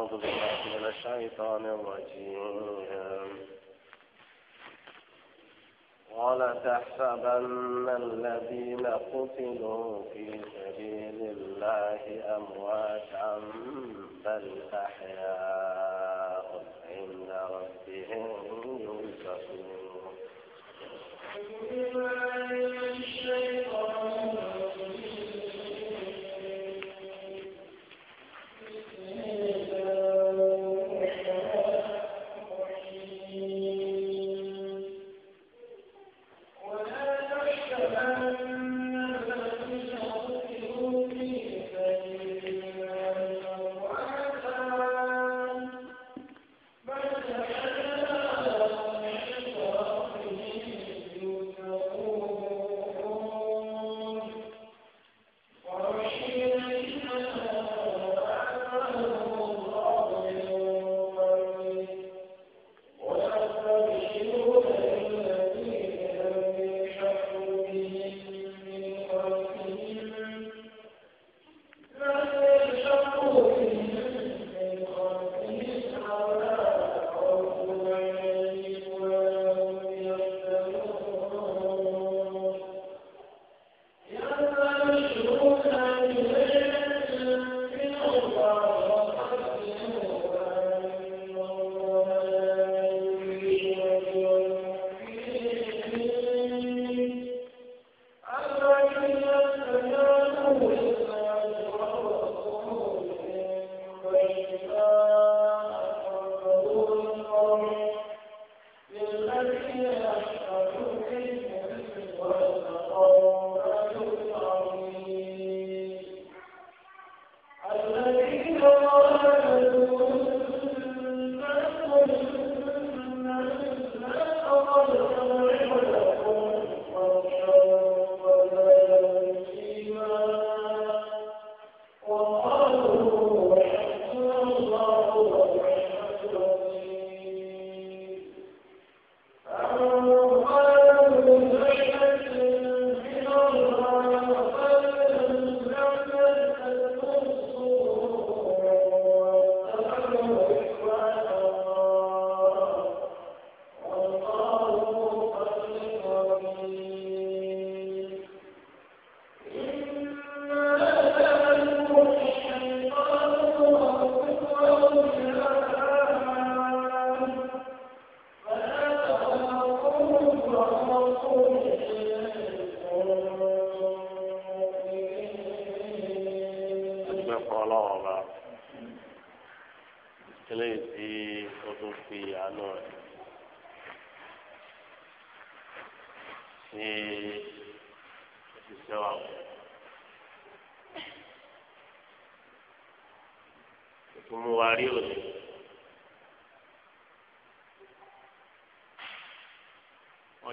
أعوذ بالله من الشيطان الرجيم ولا تحسبن الذين قتلوا في سبيل الله أمواتا بل أحياء عند ربهم يرزقون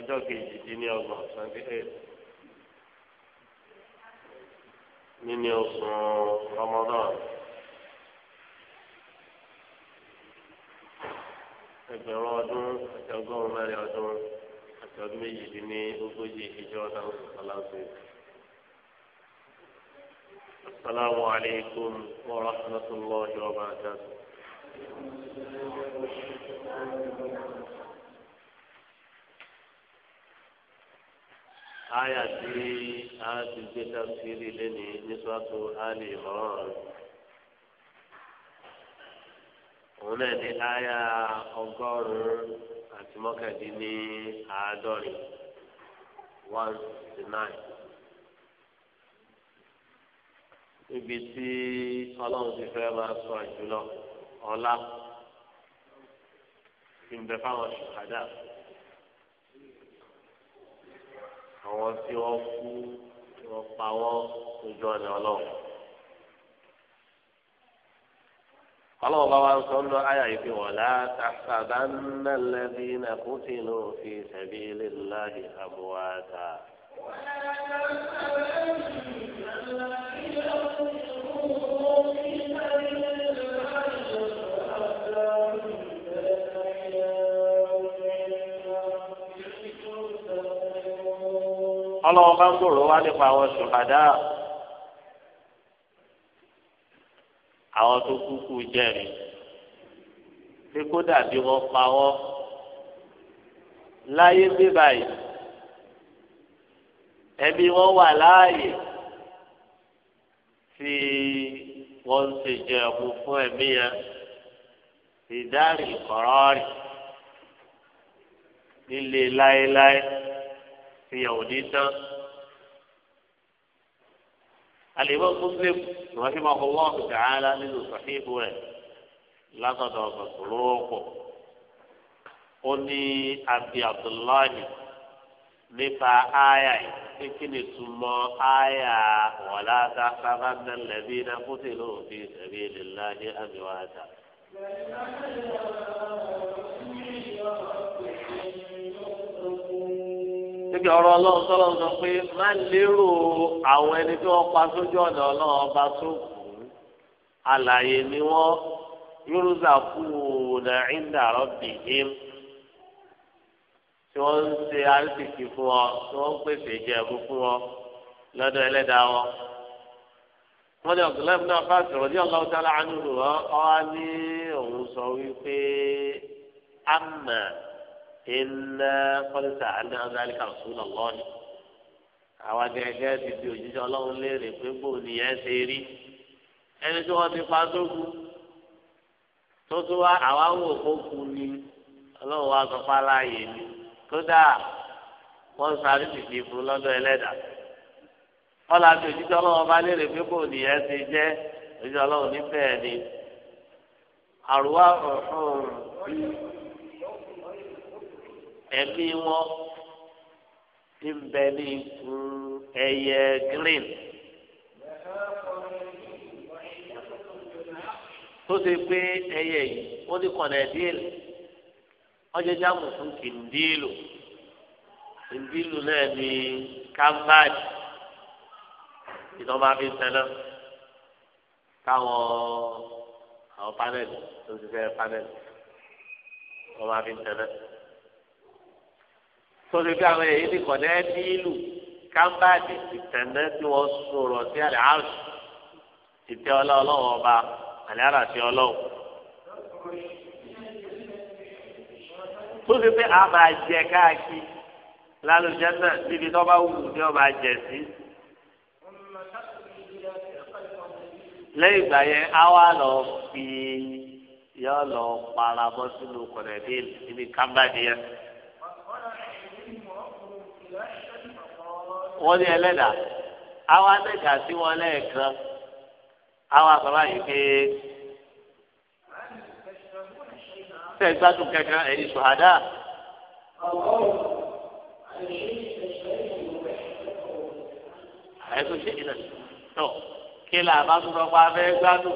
ọjọ́ kejì dín ní ọgbọ̀n twenty eight nínú oṣù Ramadan ẹgbẹ̀rún ọdún àti ọgọ́rùn-ún mẹ́rin ọdún àti ọdún méjì dín ní ogójì ìjọ ọdún ọlọ́sìn. السلام عليكم ورحمة الله وبركاته gbé tafsiri lẹ́ni nísọ́tò alẹ́ ìmọ̀ràn. òun náà ní àyà ọgọ́rùn-ún àti mọ́kàndínní àádọ́rin one to nine. ibi tí ọlọ́run ti fẹ́ máa sọ àjùlọ ọ̀la ìbẹ̀ fáwọn ṣùkádà àwọn tí wọ́n kú wọ́n pawọ́ ojú ọ̀nà ọlọ́run. ọlọ́run bá wa ń sọ lọ ayà yìí pé wala tahsabanna alladhina qutilu fi sabilillahi amwata. wala tahsabanna. ọlọ́wọ́ bá ń gbòòrò wá nípa àwọn ṣùhàdá àwọn tó kúkú jẹ́rìí pé kódà bí wọ́n pa wọ́n láyé gbé báyìí ẹbí wọn wà láàyè tí wọ́n ń ṣe jẹ̀bù fún ẹ̀mí yẹn ìdárì kọ̀rọ̀ rì láéláé ìyẹn ò ní tán. àlèbọ̀ muslim rahimahullah ta'ala nínú sàhíhù rẹ̀ látọ̀dọ̀ mọ̀sùlùmọ̀ ó ní abi abdullahi nípa àyà yìí kí ni túmọ̀ àyà wàlá sábà ń lẹ́bí náà kó tèlé òfin sabilillahi àmì wájà. níbi ọ̀rọ̀ ọlọ́run sọ́lọ́run sọ pé má lérò àwọn ẹni tí wọ́n pa sójú ọ̀nà ọlọ́run ọba tó àlàyé ni wọ́n yorùbá kú nà ìdá rọ́bì yìí tí wọ́n ń ṣe àrísìkì fún ọ tí wọ́n ń pèsè ìjẹ̀bú fún ọ lọ́dọ̀ ẹlẹ́dàá wọn. wọ́n ní ọ̀gbìn lẹ́mú náà fásitì rọ̀dí ọ̀gbọ́n tálá àánú rò ọ́ ọ́ ní òun sọ wípé àmà iná kọ́lẹ́sà àdá ذلك رسول الله، àwọn agẹgẹ ti di òjíṣẹ́ Ọlọ́run léèrè pé bò nìyẹn ṣe rí ẹni tí wọ́n ti pa sógun tó tún wá àwa wò kó kú ni Ọlọ́run wa sọ fáláà yé ni kódà wọ́n sáré tìtì fún lọ́dọ̀ ẹlẹ́dàá ọlọ àti òjíṣẹ́ Ọlọ́run bá léèrè pé bò nìyẹn ṣe jẹ òjíṣẹ́ Ọlọ́run nífẹ̀ẹ́ ni àrùwá ọhún ẹ̀mí wọn ti ń bẹ ní ikú ẹyẹ green. tó ṣe pé ẹyẹ yìí ó ní kọ̀nà ẹ̀díẹ̀lì ọjọ́ jáàmù fún kìndílù kìndílù náà ní kámbáàdì ìtọ́ba fi ń tẹ́lẹ̀ káwọn àwọn panẹ́lì tó ti fẹ́ panẹ́lì ìtọ́ba fi ń sọdọ bí àwọn èyí ti kọ̀dẹ́ ní ìlú kámbáàdì ìtẹ̀ndẹ́ tí wọ́n sọ̀rọ̀ sí àlẹ́ àrùn ìtẹ́ ọlọ́wọ́ ọba àlẹ́ àràṣẹ ọlọ́wọ́. tó fi pé a máa jẹ káàkiri lálùjẹ náà níbi tó bá wù ní ọba jẹ sí. lẹ́yìn ìgbà yẹn á wá lọ fi yọ lọ para bọ́ sínú kọ̀dẹ́ bí níbi kámbáàdì yẹn. wọ́n ní ẹlẹ́dàá àwa nìkà sí wọn lẹ́ẹ̀kan àwa sọ̀rọ̀ yìí pé tẹ̀ gbádùn kankan ṣe ìlànà tó kí tó pa gbádùn.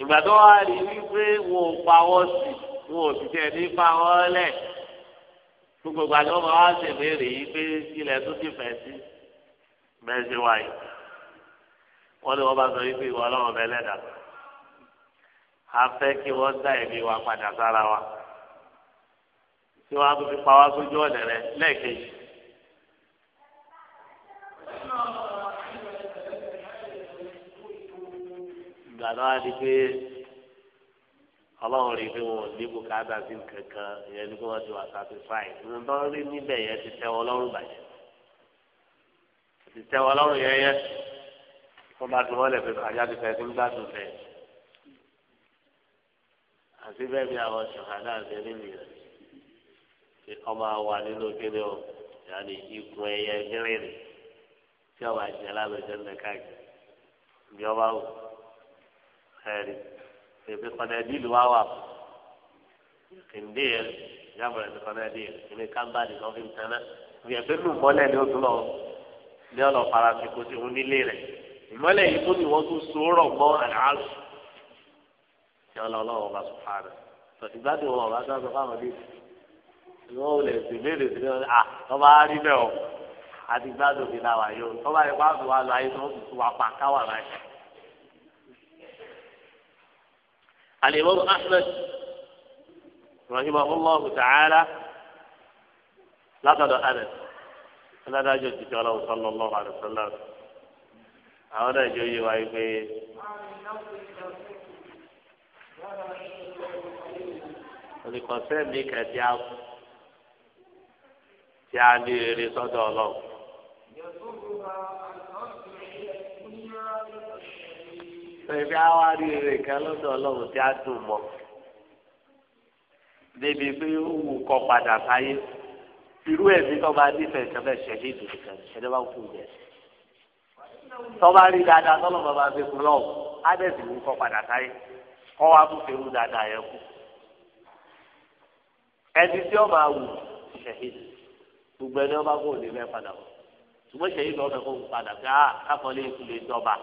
ìgbà tó wà rí wípé wọn ò sí wọn ò ní pa lẹ̀ gbogbo ìgbà tó wọn wá sì béèrè yìí pé ilẹ̀ tó ti fẹ̀ sí bẹ́ẹ̀ wáyé wọn ni wọn bá sọ wípé ìwọ ọlọ́run bẹ́ẹ̀ lẹ́dàá afẹ́ kí wọ́n dá ẹ̀mí wa padà sára wa tí wọ́n á fi pa sójú ọ̀dẹ̀ rẹ lẹ́ẹ̀kejì gbàdá wa di pé ọlọ́run rí i pé wọn ò ní bùkátà sí kankan ìyẹn ni pé wọ́n ti wà satisfied ìwọ̀n tó rí níbẹ̀ yẹn ti tẹ́ wọn lọ́rùn bàjẹ́ ti tẹ́ wọn lọ́rùn yẹn yẹn wọ́n bá dùn wọ́n lẹ̀ pé àyà ti fẹ́ ti ń gbádùn fẹ́ àti bẹ́ẹ̀ bí àwọn ṣọ̀hánà àti ẹni mìíràn ọmọ àwa nínú kíni o yàrá ikùn ẹ̀yẹ gírìn tí ọba jẹ́ lábẹ́jẹ́ ń káàkiri ìjọba wò ẹ̀rí èpè kọ́nẹ́dìlù wá wà kìndé yẹn yàgò ẹ̀sìn kọ́nẹ́dìlù ìní kábà ní lọ́ọ́ fi ń tẹ́lẹ̀ ìyẹ̀pẹ̀ lù mọ́lẹ̀ ní oṣù lọ ní ọ̀nà faransé kò sí òun nílé rẹ̀ ìmọ́lẹ̀ yìí tó ní wọ́n tún sòrọ̀ mọ́ àlàálù ní ọ̀nà ọlọ́wọ́ bá sùn fara tọ̀sí gbádùn wọn bá sọ fáwọn ọdún ìwọ́n ò lè sì léèrè sí wọn à tọ́ba rí bẹ́ẹ̀ o àti gbádùn mi làwà yóò tọ́ba yẹ الإمام أحمد رحمه الله تعالى لقد أنس أنا لا جد له صلى الله عليه وسلم أنا جوي وايبي ní kọ̀sẹ́ mi kẹ̀ tí a tí a lè rí ẹbí àwa rí rẹ kan lọ́dọ̀ Ọlọ́run tí a dùn mọ́ débi pé ó wù kọ padà sáyé irú ẹbí tó bá nífẹ̀ẹ́ kan bẹ́ẹ̀ ṣẹlẹ̀ ìdùnnú kan ṣẹlẹ̀ bá kú jẹ tọ́ba rí dáadáa tọ́lọ́ bàbá fi kú lọ́wọ́ ádẹ́sì wù kọ padà sáyé kọ́ wa tún fẹ́rù dáadáa yẹn kú ẹni tí ọba wù ṣẹlẹ̀ gbogbo ẹni ọba kò ní bẹ́ẹ̀ padà wọ̀ ṣùgbọ́n ṣẹlẹ̀ ìgbà ọ̀fẹ́ kò ń padà pé a ah, káfọ́ lé ikú lè dọ́ba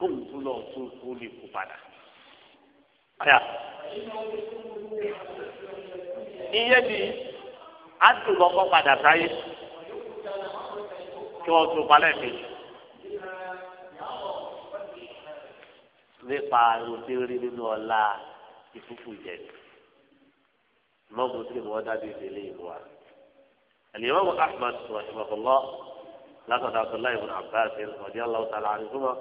kóun tún lọ tún kó lè kó padà. iye ni adùnkọ́kọ́ padà sáyé kí wọ́n tún palẹ̀ kejì. nípa ròtí rí nínú ọlá ìfúfú jẹ̀dù mọ́mú sí ni wọ́n dábì ìdílé ìlú wa. الإمام أحمد رحمه الله لقد عبد الله بن عباس رضي الله تعالى عنهما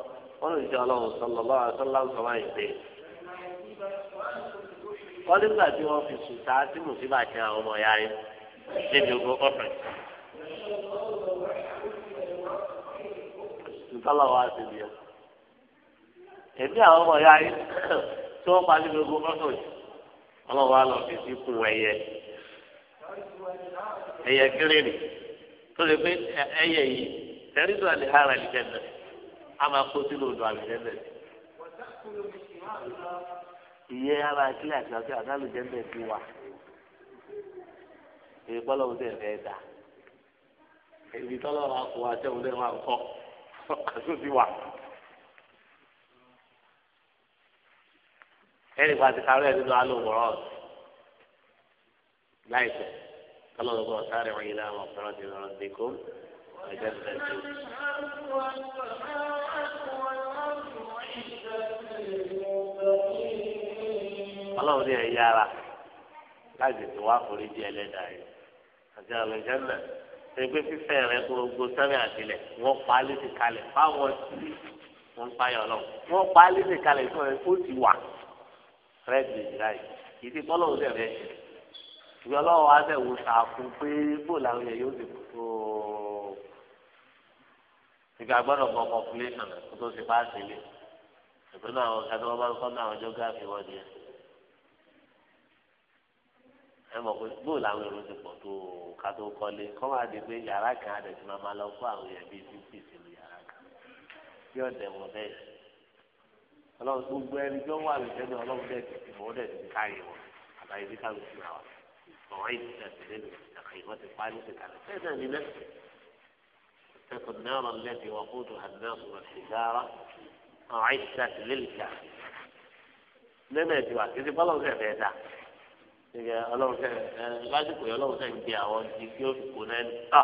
wọ́n lè jẹ́ ọlọ́run sọlọ lọ́wọ́ àtọ́lá ń sọ wáyé pé wọ́n nígbà tí wọ́n fi sùtá tí mùsùlùmí àti àwọn ọmọ ya yín níbi ogun ọ̀fẹ́. sùtálà wa ti di ẹ. èmi àwọn ọmọ ya yín tí wọ́n pa níbi ogun ọ̀fẹ́ yìí ọlọ́run wa lọ fi sí kun ẹyẹ ẹyẹ kéré ni tó lè pé ẹyẹ yìí tẹ̀rí tó àlè hàrà lè jẹ́ Ama máa kó sínú odò àlùjẹ́bẹ̀. ìyẹn a máa kílẹ̀ àti àti àti àlùjẹ́bẹ̀ ti wà. èyí pọ́lọ́ ń tẹ̀ fẹ́ dà. èyí tọ́lọ́ wa kó wa tẹ̀ ń lé wa kọ́ àti òsì wà. ẹnì kan ti kárọ̀ ẹ̀ nínú alùpùpù láìpẹ́ kọ́lọ́ lọ́gbọ́n sáré wọ̀nyí láwọn ọ̀pẹ̀rọ̀ ti rọrùn dìkú. وجنة ọlọ́run ní ẹ̀yà ara láti ti wá foríjì ẹlẹ́dàá yìí àti àlùjẹ́ náà pé fífẹ́ rẹ gbogbo sẹ́rẹ̀ àtìlẹ̀ wọ́n pa á létí kalẹ̀ fáwọn tí wọ́n ń payọ̀ lọ. wọ́n pa á létí kalẹ̀ fún ẹ kó ti wà rẹ́ẹ̀dì láì ìdí bọ́lọ̀ òun dẹ̀rẹ̀ ṣe. ìgbà ọlọ́wọ́ wa bẹ̀ wò sàkún pé bó làwọn yẹn yóò dìbò tó. ìgbà gbọ́dọ̀ mọ population kó tó ṣe bá ṣe lé. ìpínlẹ̀ àwọn kẹ́tọ́ wọn bá ń kọ́ ní àwọn geography wọ́n di ẹ̀ ẹ mọ̀ pé bóòlù àwọn èrò ti pọ̀ tó ká tó kọ́lé kọ́ máa di pé yàrá kan àdẹ̀tí máa máa lọ fún àwọn èèyàn bíi fífi sínú yàrá kan bí ọ̀dẹ̀ wọn bẹ́ẹ̀ ọlọ́run gbogbo ẹni tó wà lóṣẹ́ ní ọlọ́run bẹ́ẹ̀ ti mọ̀ ó dẹ̀ ti káyè wọn àtàyè bí káyè sí wa ọ̀rọ̀ yìí ti tẹ̀sí nínú àkàyè wọn ti parí sí kalẹ̀ bẹ́ẹ̀ náà ní mẹ́sì تكن نارا التي وقودها الناس والحجارة أعدت للكافرين. لما يجوا كذب الله غير هذا ìgbà ọlọ́run lásìkò yẹn ọlọ́run ń gbé àwọn ti kí ó kó náà ní tà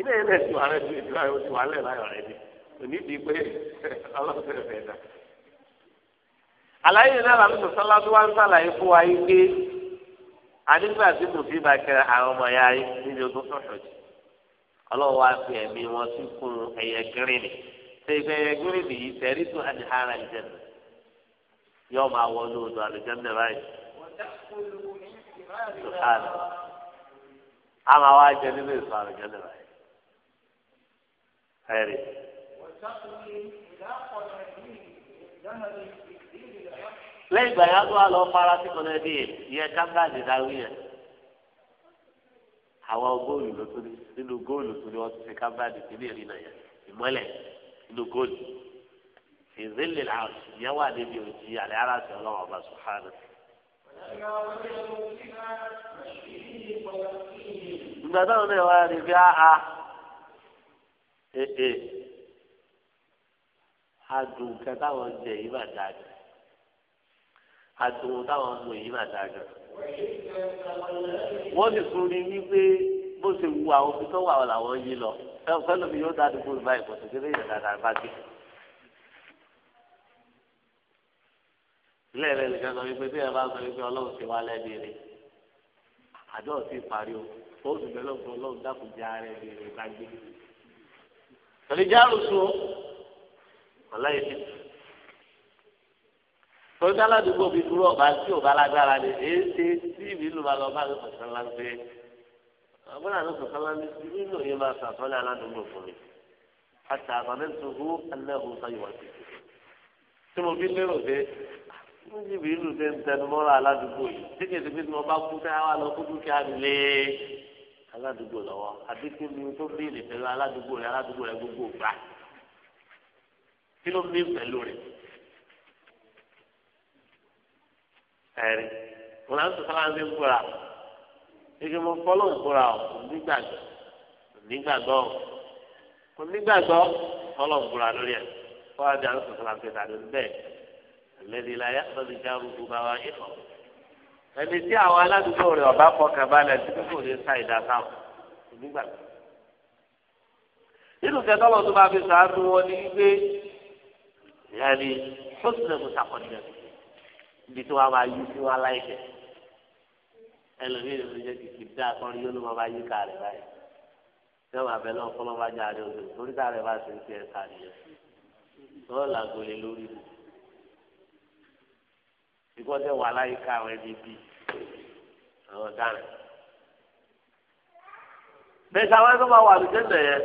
ilé yẹn lè tu ààrẹ tu ìtura yóò tu alẹ́ láyọ̀ rẹ ni òní di pé ọlọ́run sẹ fẹ́ dà. àlàyé náà làbí sọ́sọ́lá tó wá ń sàlàyé fún wa yìí pé àdìgbà tí mo fi bá kẹrẹ àwọn ọmọ ya yìí níbi ogún sọ̀tọ̀ jù ọlọ́run wá fi ẹ̀mí wọn sí fún ẹ̀yẹ gírínì ṣe ìgbẹ́ ẹ̀yẹ gírínì yìí yóò máa wọ ní odò àlùjẹ́mẹ̀ báyìí. a máa wá jẹ nínú èso àlùjẹ́mẹ̀ báyìí. ẹ̀rì. lẹ́yìn ìgbà yẹn tó wà lọ fara sí kan ẹbí yẹn káńgáàdì dáwí yẹn àwọn góòlù ló tún nínú góòlù tún ni wọ́n ti ṣe káńgáàdì sílé ìrìnà yẹn ìmọ́lẹ̀ nínú góòlù. في ظل العرش يوا نبي على عرش الله الله سبحانه nígbà táwọn náà wá rí bí áá ee adùn kan táwọn jẹ yìí máa dáa jù adùn táwọn mú yìí máa dáa jù wọ́n sì tún rí wípé bó ṣe wu àwọn tó wà làwọn yìí lọ ẹ fẹ́ lómi yóò dá àdúgbò báyìí kò sì dé lè yàrá dáadáa bá dé. ilé rẹ lè sọ wípé bí ẹ bá sọ wípé ọlọ́run ti wá lẹ́bi rẹ àjọ ti parí o fóònù mẹlọ́gbọ̀n ọlọ́run dákun jẹ́ ara ẹ̀ rẹ bá gbé. tòlíjà rùsù ọ̀láyé ti tù torí ká ládùúgbò bíi dúró ọba tí ò bá lágbára ni èyí ṣe tí ìbí ìlú bá lọ bá lọ sọ̀tàn láńpẹ́ ọgbọ́n àlọ́ sọ̀tàn láńpẹ́ tí nínú yẹn máa sàtọ́lẹ̀ aládùúgbò fún mi àti àbámẹ́ wọ́n ti bìí lùdẹ́ ntẹnumọ́ra aládùúgbò yìí síkè tí bí wọ́n bá kú tẹ́ wá lọ kó dúkìá lé aládùúgbò lọ́wọ́ àdéhùn mi tó bí ìlè pẹ̀lú aládùúgbò rẹ aládùúgbò rẹ gbogbo gbà kí ló mí pẹ̀lú rẹ. ẹ̀rí wọn náà sọ sábà ń fi kúra ike mo fọlọ́ nkúra o nígbàgbọ́ nígbàgbọ́ o nígbàgbọ́ fọlọ́ nkúra lórí ẹ̀ fọlọ́ àti àwọn sọ sábà ń fi lẹ́ni la yá lọ́dún já gbogbo bá wa yíkọ̀. ẹni tí àwọn aládùúgbò rẹ̀ ọba fọkàn balẹ̀ tí kò lè sa ìdá sáwọn nígbà tó. nínú kẹtọ́ lọ tó bá fi sàánú wọn ní gbé yàrá fúnṣẹ̀ mùsàkọ̀dẹ̀ ibi tí wọ́n máa yí sí wọn aláìkẹ́. ẹlòmíì ló jẹ́ kìkì dá akọrin yóò ló máa bá yí ká báyìí. tí wọ́n máa bẹ lọ́wọ́ fọlọ́ bá jáde òdò torí ká bá ṣe ń ṣe ẹ̀ka nìyẹn. wọ́n làgòlè ṣùgbọ́n tẹ wà láyìíká àwọn ẹbí bíi àwọn ọ̀daràn. bẹ́ẹ̀ ká wà lùjẹ́ nà yẹn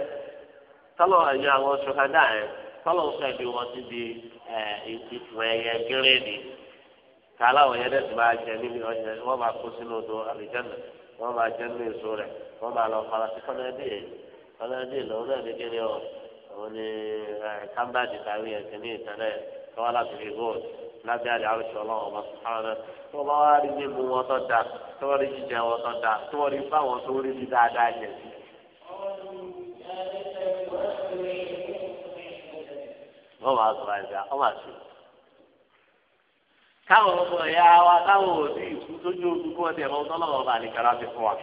tọ́lọ̀ ẹ̀yìn àwọn ṣọ̀kadà yẹn tọ́lọ̀ sọ ẹ̀bí wọn ti di ẹ̀yẹ gírèdì yẹn máa jẹ níbi ọ̀yẹ máa kó sínú odò máa jẹ nínú èso máa lọ fara sí kọ́nẹ́dì kọ́nẹ́dì lọ́wọ́ náà ní ni lábẹ́ àlẹ́ àrùsọ ọlọ́run ọba sùpárọ̀ tó bá wá rí wọn tó da tó wọ́n rí jíjẹ wọn tó da tó wọ́n rí tó rí bí dáadáa jẹ. wọ́n máa sọ àìsàn máa káwọn ọmọ wa táwọn òbí ìkú tó ojú wọ́n ti ẹ̀rọ bá ní fún wa.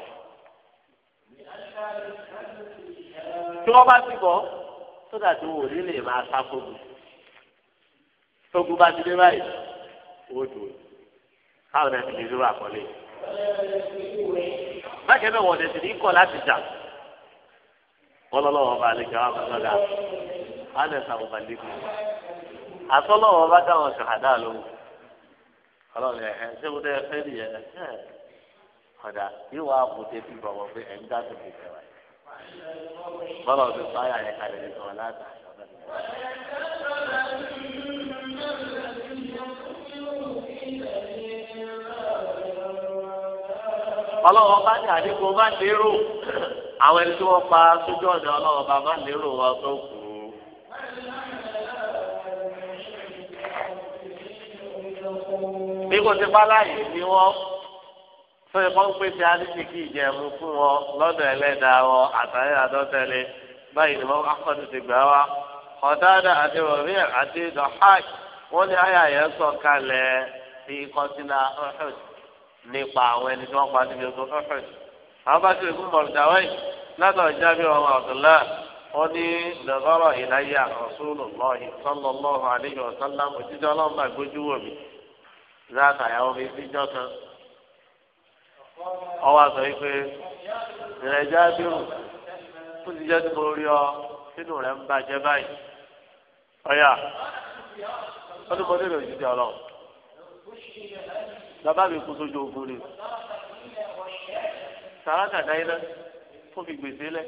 tí wọ́n bá ti wò ní lè máa sá tókù bá ti dé báyìí ó dùn káwọn náà ti lè rú àkọlé. bákẹ́ bẹ́ẹ̀ wọ̀n tẹ̀sí ní kọ̀ láti jà ọlọ́lọ́wọ́ bá lè gbàgbọ́ sọ́dà ánẹ̀sà ò bá lè kú. àtọ́lọ́wọ́ bá dáwọn ṣàhádà lóhùn ọlọ́run ẹ̀ ṣé mo dẹ́ fẹ́ nìyẹn ẹ̀ ọ̀dà yíwá àbùtẹ́ fi bọ̀ wọ́n pé ẹ̀ ń dá tó fi tẹ̀ wáyé. bọ́lá ọlọ́wọ́ bá ní àdínkù má lérò àwọn ẹni tí wọ́n pa sójú ọ̀nà ọlọ́wọ́ bá má lérò wọn tó kù. bí kò ti ni wọ́n tó ẹ̀kọ́ ń pèsè àdínkù ìjẹ̀mú fún wọn lọ́dọ̀ ẹlẹ́dàá wọn àtàrí àdọ́tẹ́lẹ̀ báyìí ni wọ́n akọ́ni ti gbà wá ọ̀dáàdà àti rọ̀rí àti wọ́n nípa àwọn ẹni tí wọ́n pa níbi ogun fẹ́fẹ́ àwọn bá ti rìn fún mọ̀lùdáwáì látọ̀ jábí ọmọ àbdùlá wọn ní nàgọ́rọ̀ ìláyà ọ̀ṣunù lọ́ọ̀hìn sọ́nà lọ́ọ̀hún àlejò ọ̀sánlá òjijì ọlọ́mọba gbójú wò mí láta ìyàwó mi síjọ́ kan ọwọ́ àgbà yìí pé ìrẹ̀ jábí rù ó ti jẹ́ tí rí ọ sínú rẹ̀ ń bàjẹ́ báyìí ọ̀yà ó ní mo nílò òjijì bàbá mi kú sójú ogun ni sàràkà dáiná tó fi gbèsè lẹ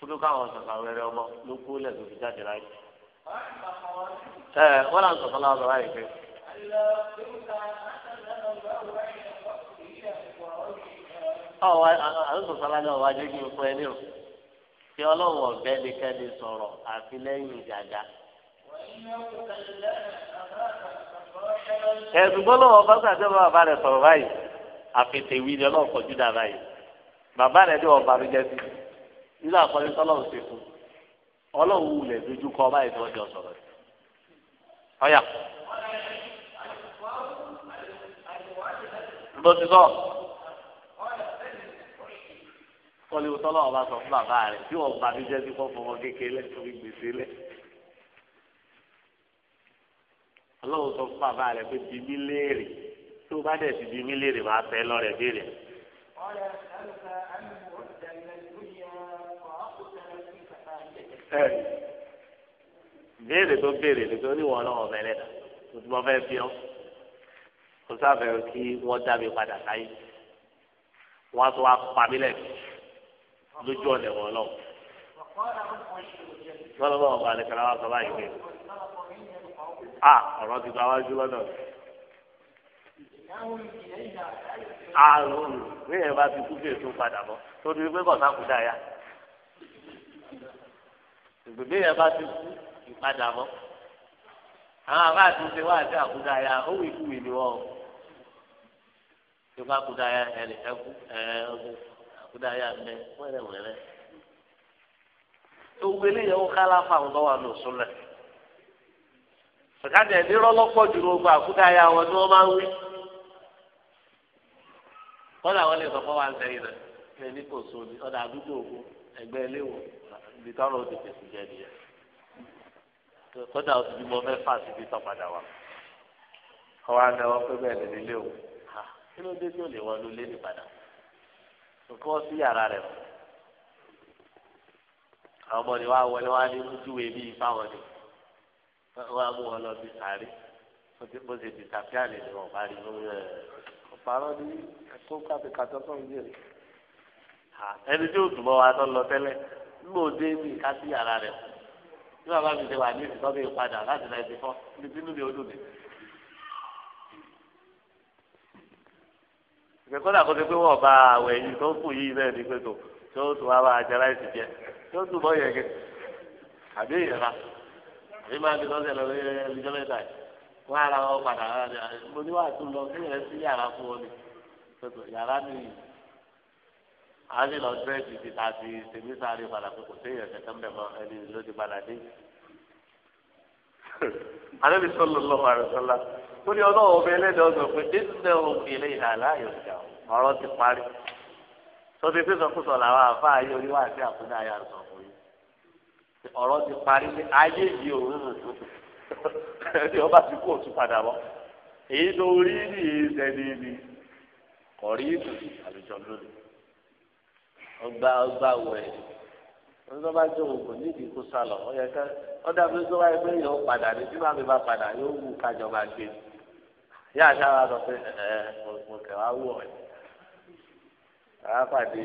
kó tó káwọn sàkà wẹrẹ ọmọ ló kó lẹ tó fi jáde láyé ẹ wọn làwọn sọfọ làwọn sọfọ àyè pé. wa àlùsọ sọlá náà wá jẹ kí n fún ẹ nírò tí ọlọ́wọ́ ọ̀bẹ nìkan sọ̀rọ̀ àfi lẹ́yìn ìjàgá. ẹ̀sùn gbọ́dọ̀ wọn bá sàdébọ̀ bàbá rẹ̀ sọ̀rọ̀ báyìí àfètèwì ni ọlọ́run kọjú dà báyìí bàbá rẹ̀ dé ọba ló jẹ́ sí nílò àkọlé tọ́lọ́run ṣe fún ọlọ́run wulẹ̀ dojú kọ báyìí tí wọ́n jọ sọ̀rọ̀ ọ̀yà. bó ti sọ kọ́lé tọ́lọ́run bá sọ fún bàbá rẹ̀ tí ọba ló jẹ́ sí kọ́ fọmọ kékeré lẹ́sọ̀rọ̀ gbèsè lẹ́sọ̀rọ̀ ọlọ́run sọ fún bàbá rẹ̀ pé bí mi léèrè tó bá dẹ̀ ti bí mi léèrè máa fẹ́ lọ́rẹ̀ béèrè. béèrè tó béèrè ni tó níwọ̀n náà ọ̀bẹ lẹ́dà mo ti mọ fẹ́ bí ọ́ mo sáfẹ́ kí wọ́n dá mi padà sáyé wọ́n á tún wá pa mí lẹ́ẹ̀kì lójú ọ̀nà ìwọ̀n náà. wọ́n lọ́wọ́ ọba àlekàlà wa sọ báyìí pé a ọ̀rọ̀ ti gba wájú lọ́dọ̀ àrùn bí ẹ bá ti kú bí èso padà bọ̀ torí pé kọ̀ọ̀sá kù dá ya ìgbèbí ẹ bá ti kú ìpadà bọ̀ àwọn àbá àti ṣe wá àti àkúdá ya ó wí kú ìlú ọ tó bá kúdá ya ẹnì ẹkú ẹ àkúdá ya mẹ wẹrẹwẹrẹ owó eléyàwó kálá fáwọn bá wà lóṣù rẹ. ọ̀kadà ẹ̀mí rọ́lọ́pọ̀ ju gbogbo àkúdá ya wọn ni wọ́n máa ń wí. wọ́n làwọn lè sọ fún wa ń náà ṣe ní kò so ni ọ̀dà àdúgbò òkú ẹgbẹ́ eléwò ibi tọ́rọ òdì tẹ̀sí jẹ́ nìyẹn. bímọ àná wọ́n á mú wọn lọ sí sàárì bó ṣe ti tàbí àlè ni wọ́n bá rí lórí ẹ̀ ọ̀parọ́ ní kó kàtẹ́kàtẹ́ tó ń jèrè. ẹni tí ó dùn mọ́ wa tó lọ tẹ́lẹ̀ nígbà òde ní ìka sí yàrá rẹ̀ tí bàbá mi ti wà ní ìsìnkọ́ bí padà láti náà ti fọ́ ní bínú mi ó dùn mí. ìgbẹ́kọ́ náà kó ti pé wọ́n bá àwẹ̀ yìí tó kù yìí náà ní pẹ̀tọ̀ tó tún wá bá ajá jẹ tó èyí máa fi lọ́sẹ̀ lọ lọ́jọ́ mẹ́ta yìí wọ́n ara wọn padà mo ní wàá tún lọ fún yẹn sí yàrá fún ọ ni yàrá mi àwọn ti lọ dírẹ́sì ti ta ti tèmi sáré padà pé kò séyìn ẹ̀sẹ̀ tó ń bẹ̀ mọ́ ẹni ló ti padà dé. àlejò sọlọ lọ́wọ́ àrùsọ́lá ó ní ọlọ́wọ́ ọbẹ̀ ẹlẹ́dẹ̀ẹ́ sọ pé ẹ̀sẹ̀ òkè ilé ìhà láàyò ìjà ọ̀rọ̀ ti parí. sọ ti fi sọkúsọ làwọn àfáà yóò rí wá sí àkúndáyà sọ ọ̀rọ̀ ti parí pé ayé yìí òun nù ẹni ọba ti kú òtún padà bọ̀ èyí tó rí ní ìsẹ̀ni ni kọ̀rí ìtù àlùjọ lónìí ọgbà ọgbà wẹ̀ wọn tó bá jó oògùn nídìí kó sálọ ó yẹ ká wọn dàbí tó wáyé pé yóò padà ní tí màmí bá padà yóò wù kájọba gbé yá àṣà wa sọ pé ẹ ẹ mo kẹ wá wù ọ yìí wàá pàdé.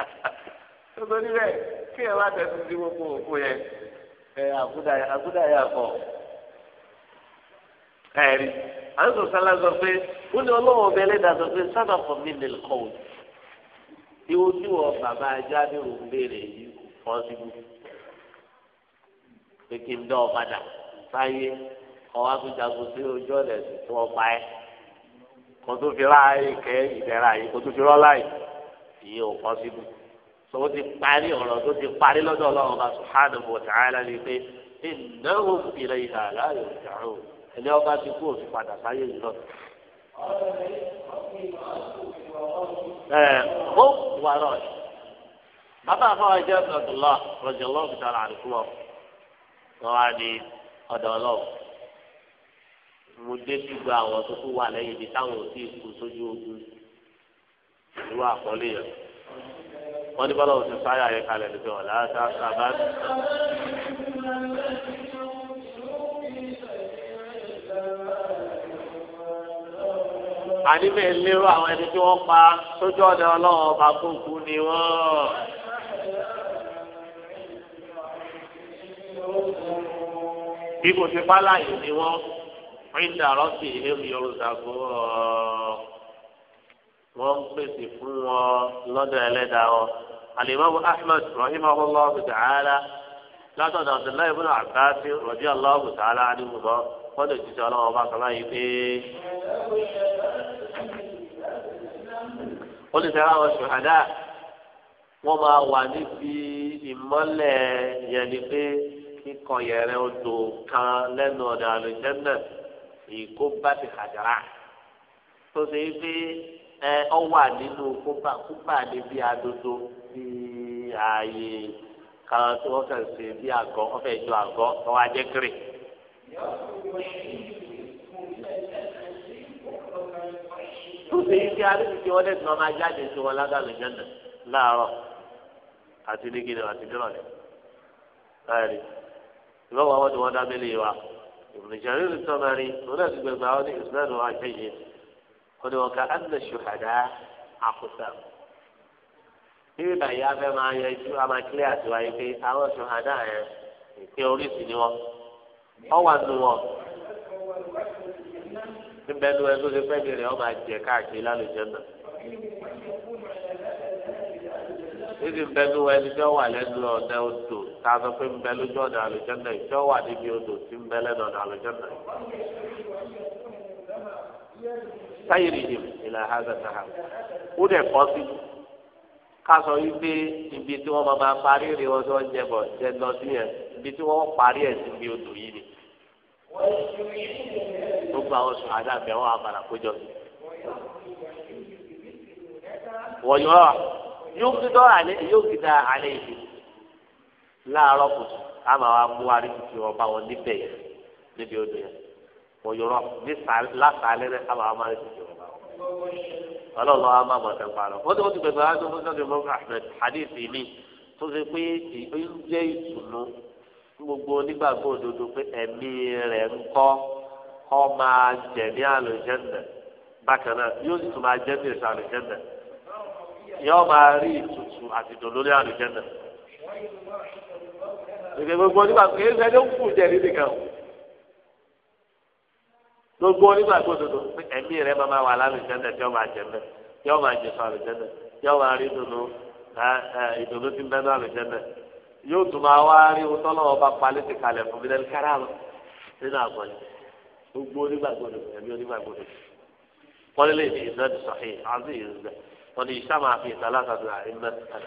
torí rẹ̀ kí ẹ wá tẹ̀sí sí gbogbo òkú yẹn ẹ àbúdá yà pọ̀ ẹ̀rí àwọn sọ̀rọ̀ sọ pé ó ní ọlọ́wọ́ ọbẹ̀ ẹlẹ́dàá sọ pé sábà fún mi lè kọ́ ò ní ojú ọ bàbá ajá ní òun béèrè yìí kọ́ sí mi pé kí n dán ọ padà sáyé ọwọ́ àtúnjagun sí ojú ọ̀dẹ̀ sí tí wọ́n pa ẹ́ kó tó fi ráàyè kẹ́ ìdẹ́ra yìí kó tó fi rọ́ọ̀láì ìyẹn ò kọ́ sí mi. sọ ó ti parí ọ̀rọ̀ tó ti subhanahu wa ta'ala ni pé ìnáwó ìrẹ̀ ìhà láàyò ìjàrò ẹni ọba ti kú òfin padà sáyé yìí lọ. ẹ ó wà lọ bàbá àfọwọ́ ẹjẹ́ ọ̀dọ́lá rọ̀jẹ̀ lọ́ọ̀kì tààrà mo dé sí gba àwọn tó kú wà ibi táwọn ò wọ́n ní bọ́lá òsì sáyà yẹ kalẹ̀ ní pé ọ̀la ta sábà. àní bẹ́ẹ̀ lérò àwọn ẹni tí wọ́n pa sójú ọ̀dẹ ọlọ́run ọba kúkú ni wọ́n. bí kò ti pa láàyè ni wọ́n ń dàrọ́ sí ilé ìyọrùsà fún wọ́n pèsè fún wọn lọ́dọ̀ ẹlẹ́dàá wọn alimami ahmed rahimahullahu ta'ala látọ̀dọ̀ abdullahi ibn abbas radiyallahu ta'ala anhu wọ́n lè jíjẹ ọlọ́wọ́ bá sọ láyé pé ó lè tẹ́lá àwọn wọ́n máa wà níbi ìmọ́lẹ̀ yẹn ni pé kíkọ yẹrẹ odò kan lẹ́nu ọ̀dà àlùjẹ́nà ìkó bá ti kàjàrà tó ṣe é pé. ẹ ọwà nínú kópa kópa ní bí adodo bí ààyè kan tí wọ́n kàn ṣe bí àgọ́ wọ́n fẹ́ẹ́ jọ àgọ́ wọ́n wá jẹ́ kiri. tóbi yìí kí alẹ́ ti wọ́n dẹ́sùn láàárọ̀ àti àti nírọ̀lẹ́ báyìí ìbáwọ̀ àwọn tí wọ́n dábẹ́lẹ̀ wa lọ́dọ̀ ti gbẹgbẹ́ àwọn wọ́n ní wọ́n ká ẹnna ṣùhàdá àkùsà níbi báyìí abẹ́ máa yanjú a máa kílẹ̀ àti pé àwọn ṣùhàdá yẹn ìpín oríṣi ni wọ́n wọ́n wà nù wọ́n níbẹ̀ ni wọ́n tó ṣe fẹ́ mi rẹ̀ máa jẹ káàkiri lálùjọ náà níbi bẹ́ẹ̀ ni wọ́n ẹni tí wọ́n wà lẹ́nu ọ̀nà odò tá sọ pé ń bẹ lójú ọ̀nà àlùjọ náà ìjọ níbi odò tí ń bẹ lẹ́nu sáyẹ̀rì yìí ìlà hàzà sàhà ó dẹ̀ kọ́ sí kásọ yìí pé ibi tí wọn máa parí rè wọ́n tó lọ sí ibi tí parí sí ibi odò yìí ni gbogbo àwọn sùn wọn àbàlà kójọ sí wọ̀nyọ́ yóò fi dọ́ àlẹ́ yóò fi da àlẹ́ yìí láàárọ̀ kùtù àmà wa òyòrò ní lásàálẹ̀ rẹ̀ sábà máa ń ṣiṣẹ́ ọ̀gá ọlọ́run wa máa mọ̀ sẹ́pà lọ. ó ti wọ́n ti gbẹ̀gbẹ̀ wá tó fún sọ́dọ̀ mọ́ ahmed hadith mi tó ṣe pé ó jẹ́ ìtùnú fún gbogbo onígbàgbọ́ òdodo pé ẹ̀mí rẹ̀ ń kọ́ kọ́ máa jẹ̀mí àlùjẹ́ndẹ̀ bákan náà yóò sì tún máa jẹ́mí èso àlùjẹ́ndẹ̀ yóò máa rí ìtùtù àti ìdùnnú ní àlùjẹ́ndẹ̀. ìgbẹ́ gbogbo onígbàgbọ́ gbogbo onígbàgbọ́ dodo pé ẹ̀mí rẹ bá máa wà lálùjẹ́ndẹ̀ tí wọ́n máa jẹ mẹ́ tí wọ́n máa jẹ fún àlùjẹ́ndẹ̀ tí wọ́n máa rí dunu ìdùnnú tí ń bẹ́ náà àlùjẹ́ndẹ̀ yóò tún máa wá rí ohun tọ́lọ́wọ́ bá palẹ́ ti kalẹ̀ fún bílẹ̀ kára lọ nínú àgbọ̀n gbogbo onígbàgbọ́ dodo ẹ̀mí onígbàgbọ́ dodo wọ́n lé ní ìsọ́dì sọ̀hìn àti ìrìnlẹ̀ wọ́n ní ìṣàmà àti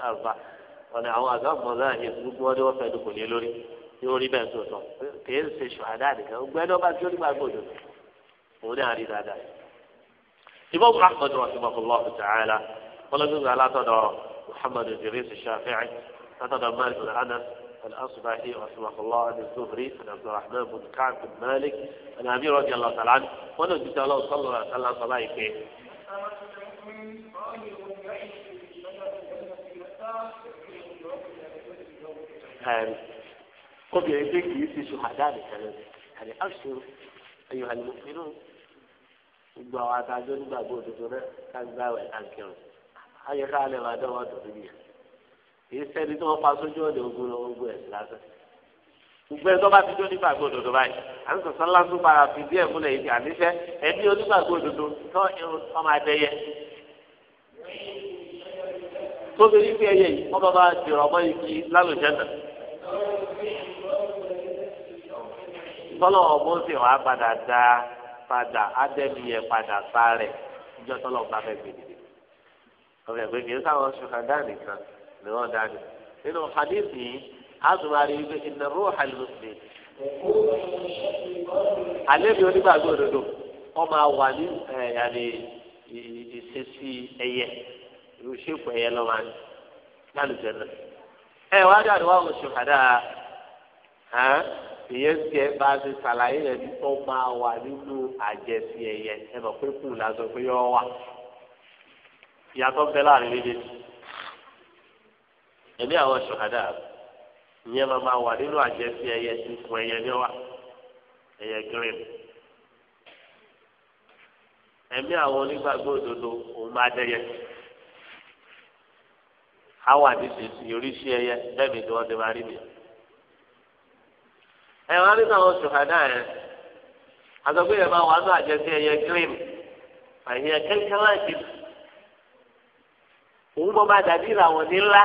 àrùbá wọ́n ní àwọn àgbà mọ̀lá yẹn gbogbo wọn ni òun náà rí dáadáa أحمد رحمه الله تعالى ta'ala لا تدع محمد alátọdọ الشافعي لا تدع مالك بن أنس anas الأصبحي رحمه الله عن الزهري عن عبد الرحمن بن كعب بن مالك عن أبي رضي الله تعالى عنه ونبي صلى الله عليه وسلم صلى الله عليه هاري قبل يديك يسي شهداء يعني أبشر أيها المؤمنون gbogbo àwọn adájọ́ nígbàgbọ́ òdodo rẹ ká ń gbà ayé ká lè máa dánwò dùn níbi yẹn kì í sẹ́ni tó wọ́n pa sójú ọ̀dẹ ogun lọ lásán gbogbo tó bá jó báyìí para fi tó irun ẹyẹ yìí bá padà adẹ́niyẹ padà sáré ìjọ tó lọ́ọ́ bá fẹ́ gbé nìyẹn. ọmọ ẹgbẹ́ mi sáwọn ṣùkàdá nìkan ni wọ́n dání. nínú hadith yìí azumari ibi iná ruha muslim. alẹ́ mi onígbàgbọ́ òdodo wọ́n máa wà ní ìṣesí ẹyẹ ìṣèpọ̀ ẹyẹ lọ́wọ́ àná lálùjẹ́ náà. ẹ wá dáadọ́ wá wọ ṣùkàdá. ìyẹn ti ẹ bá ti ṣàlàyé rẹ bí tó máa wà nínú àjẹsí ẹyẹ ẹ mọ̀ pé kù lásán pé yọ wà ìyàtọ̀ bẹ láàrin méjèèjì ẹ̀mí àwọn ṣọ̀kadà ìyẹn máa máa wà nínú àjẹsí ẹyẹ ikùn ẹyẹ ni wà ẹyẹ green ẹ̀mí àwọn onígbàgbọ́ òdodo òun máa ẹyẹ bẹ́ẹ̀ mi ni ẹ wọn rí sàwọn ṣùhàdá yẹn àtọ́gbé yẹn máa wà ní àjẹsí ẹyẹ kílìm àyẹ kẹ́kẹ́ láti òun bọ́ bá dàbí làwọn ní ńlá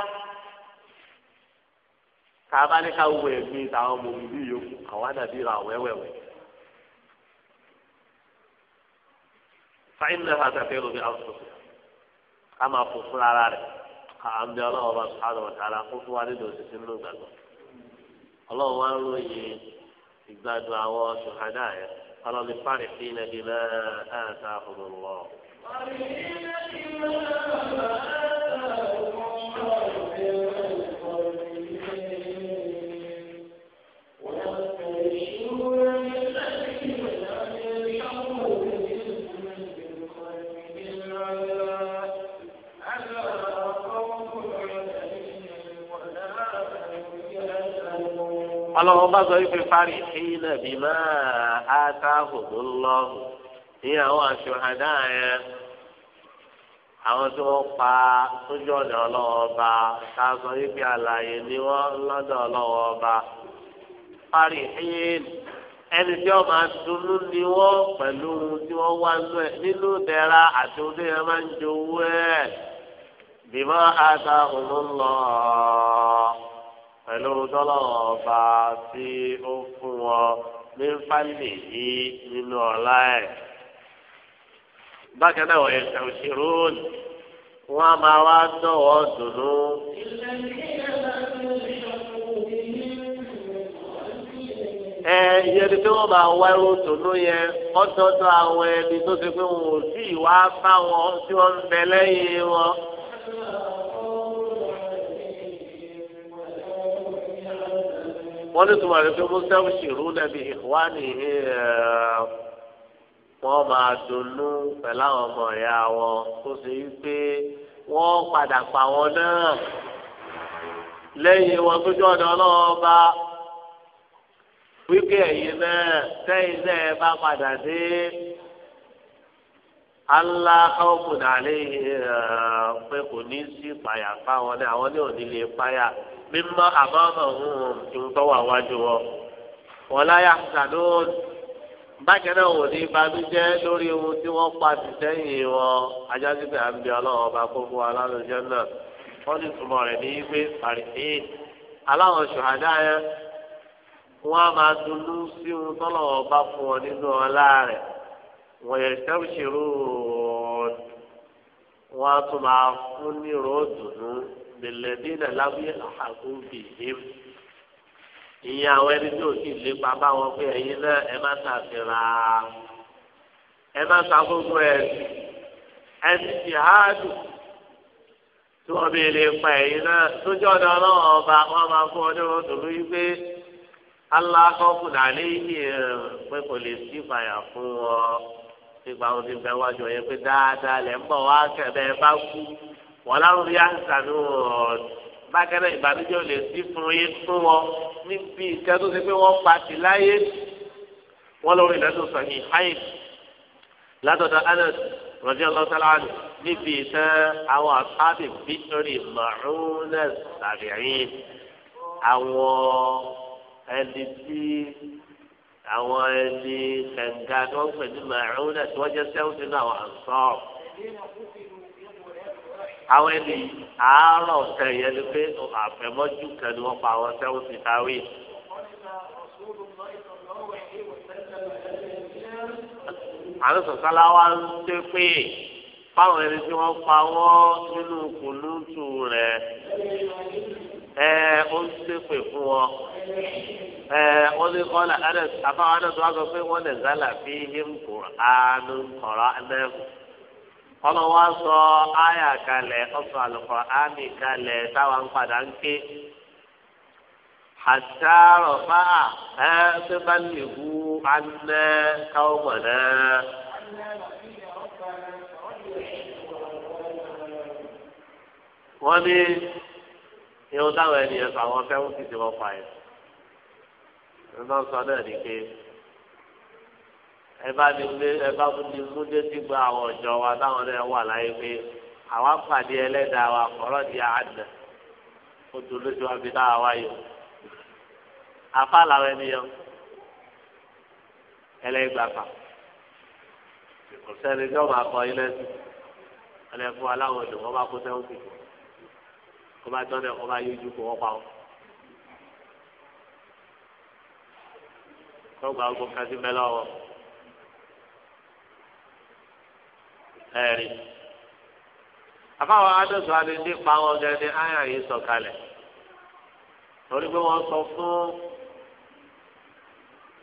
ká bá ní ká wọ ẹ̀mí táwọn ọmọ mi bí yòókù àwọn dàbí làwọn ẹ̀wẹ̀wẹ̀. فإنها تطير بأنفسها أما فصل على ذلك أعمد الله سبحانه وتعالى قلت والده سنون قلبه ọlọ́run wá ń ròyìn ìgbádùn àwọn ṣùhádà yẹn ọlọ́run fárí sí nàbí náà àtàkùn lọ. ọ̀rẹ́ ìrìnàjò náà. ọlọ́run bá sọ wípé fari ìhìnà bí máa átáhùn lọ́hùn ní àwọn àṣùhàdá yẹn àwọn tí wọ́n pa sójú ọ̀nà ọlọ́wọ́ ọba ká sọ wípé àlàyé ni wọ́n lọ́dọ̀ ọlọ́wọ́ fari ìhìn ẹni tí wọ́n máa dunnú ni wọ́n pẹ̀lú tí wọ́n wá nínú ìdẹ́ra àti ohun tí máa ń jowó ẹ̀ bí máa átáhùn lọ́hùn pẹ̀lú tọ́lọ́wọ́ ọba tí ó fún wọn ní fáìlì yìí nínú ọ̀la ẹ̀. bákan náà wọ̀nyẹn ṣàwùṣirò wọn a máa wá dọ̀wọ́ dùnú. ẹ ìyẹn ni pé wọ́n máa wá irú dùnú yẹn ọ̀dọ́dọ̀ àwọn ẹni tó ṣe pé wọn ò sí ìwà bá wọn tí wọ́n ń bẹ lẹ́yìn wọn. wọ́n ní tuma rẹ̀ pé mọ́sáwù ṣìrú nàbí ìwádìí ihe wọ́n máa dunnú pẹ̀lú àwọn ọmọ ìyá wọn tó ṣe wípé wọ́n padà pa wọn náà lẹ́yìn wọn tó jọ́ ọ̀dọ́ náà bá wípé náà sẹ́yìn náà bá padà dé aláhàmùnà lẹ́yìn pé kò ní sí payà fáwọn náà àwọn ní òní lè payà mímọ́ àbámọ̀ ọ̀hún ti ń tọ́wọ́ àwájú wọn. wọ́n láyà sàdó bákan náà wò ní ìbànújẹ́ lórí ohun tí wọ́n pa ti sẹ́yìn wọn ajásíbẹ̀ àbí ọlọ́run ọba kókó alálùjẹ́ náà wọ́n ní ìtumọ̀ rẹ̀ ní pé pàrìsì aláwọn ṣùhàdá yẹn wọ́n á máa dunnú sí ohun tọ́lọ́wọ́ bá fún ọ nínú ọlá rẹ̀ wọ́n yẹ sẹ́wùsì wọ́n á tún máa fún ní ròó dùnú lẹ́lẹ́dí náà lábúyé àhàkùn bì í ìyẹn àwọn ẹni tí ò sì lépa báwọn pé ẹ̀yin náà ẹ má ṣàfihàn ẹ má ṣàkóso ẹ ẹni tí háàdù tí wọ́n bí lè pa ẹ̀yin náà sójú ọ̀dọ̀ ọlọ́run ọba wọn máa fún ọdún wọn tòlú yí pé alákọ̀ọ́kùn dàní yìí pé kò lè sí ìfàyà fún wọn nípa ohun tí bẹ wájú ọ yẹn pé dáadáa lẹ́ ń bọ̀ wá kẹ̀ bẹ́ẹ̀ bá kú wọ́n láwọn yá sànú bákẹ́rẹ́ ìbànújẹ́ ò lè sí fún yín fún wọn níbi ìkẹ́ tó ṣe pé wọ́n pa sí láyé wọ́n lórí ìdájọ́ sọ̀yìn ìháyìn látọ̀dọ̀ anas rọ̀jẹ́ ọlọ́sálàánù níbi ìtàn àwọn àpáàbì bíṣọ́rì màrúnà sàbẹ̀rin àwọn ẹni tí àwọn ẹni kẹ̀ǹgà tó ń pè ní màrúnà wọ́n jẹ́ sẹ́wọ́n sínú àwọn àǹsọ́ọ̀ àwọn ẹni àárọ̀ ọ̀sẹ̀ yẹn ni pé àfẹ̀mọ́jú kan ni wọ́n pa àwọn sẹ́wọ́n ti táwé. àwọn sọ̀sálà wa ń ṣe pé fáwọn ẹni tí wọ́n pa wọ́n nínú kùnúùtù rẹ̀ ẹ ó ń ṣe pé fún wọn. ẹ wọ́n ní kọ́lá àbáwọn àdàtúwà sọ pé wọ́n lè zálà fi him kùránù kọ̀ọ̀rọ̀ ẹ̀mẹ́kù. ọlọ́wọ́ sọ àyà kalẹ̀ ọ̀sọ̀ àlùkọ́ àmì kalẹ̀ táwọn padà ń ké àtàrọ̀ bá ẹ ṣe bá lè wú anẹ káwọn mọ̀ náà. wọ́n ní ihun táwọn ènìyàn sọ àwọn fẹ́wọ́n ti pa sọ náà ẹ bá ní gbé ẹ bá ní múdé tí gba àwọn ọ̀jọ́ wa táwọn náà wà láyé pé àwa pàdé ẹlẹ́dàá wa kọ̀rọ̀ di àdà kó tó lójú wa bí táwa wáyò afá làwọn ènìyàn ẹlẹ́gbàfà kò sẹ́ni tí wọ́n máa kọ ilé sí ẹlẹ́fún wa láwọn wọn bá kó sẹ́wọ́n sí kù kó bá tọ́lẹ̀ kó bá yíjú kó wọ́n pa wọn. tọ́gbà ọgbọ́n kan sí mẹ́lọ́wọ́. ẹ̀rí. àbáwọn adóso adéǹdé pawọ́ gẹ́gẹ́ áyà yìí sọ̀kalẹ̀ torí pé wọ́n sọ fún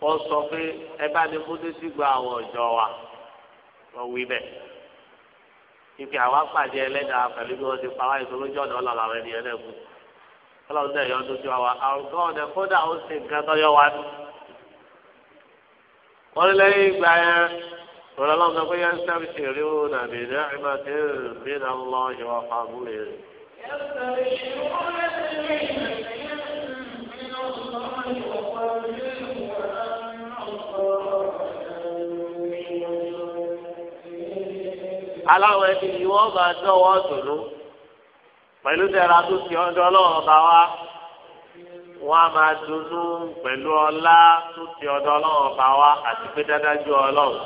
wọ́n sọ pé ẹ bá ní gba àwọn ọ̀jọ́ wa wọ́n wí bẹ́ẹ̀ ìpè àwa pàdé ẹlẹ́dàá pẹ̀lú bí wọ́n ti pa ọ̀dọ̀ àwọn ènìyàn náà kú ọlọ́run náà yọ ọdún kódà ó sì yọ wọ́n sọ̀rọ̀ aláwọ̀ sọ pé yẹn sábì ṣe rí o nàbì ní àìmá tí ń bí aláwọ̀ ẹni ni wọ́n bá dọ́wọ́ dùnú pẹ̀lú tẹ̀ra tó ti ọjọ́ ọlọ́run bá wá. wọn a máa dunnú pẹ̀lú ọlá tó ti ọ̀dọ̀ ọlọ́run ọba wa àti pé dádájú ọlọ́run.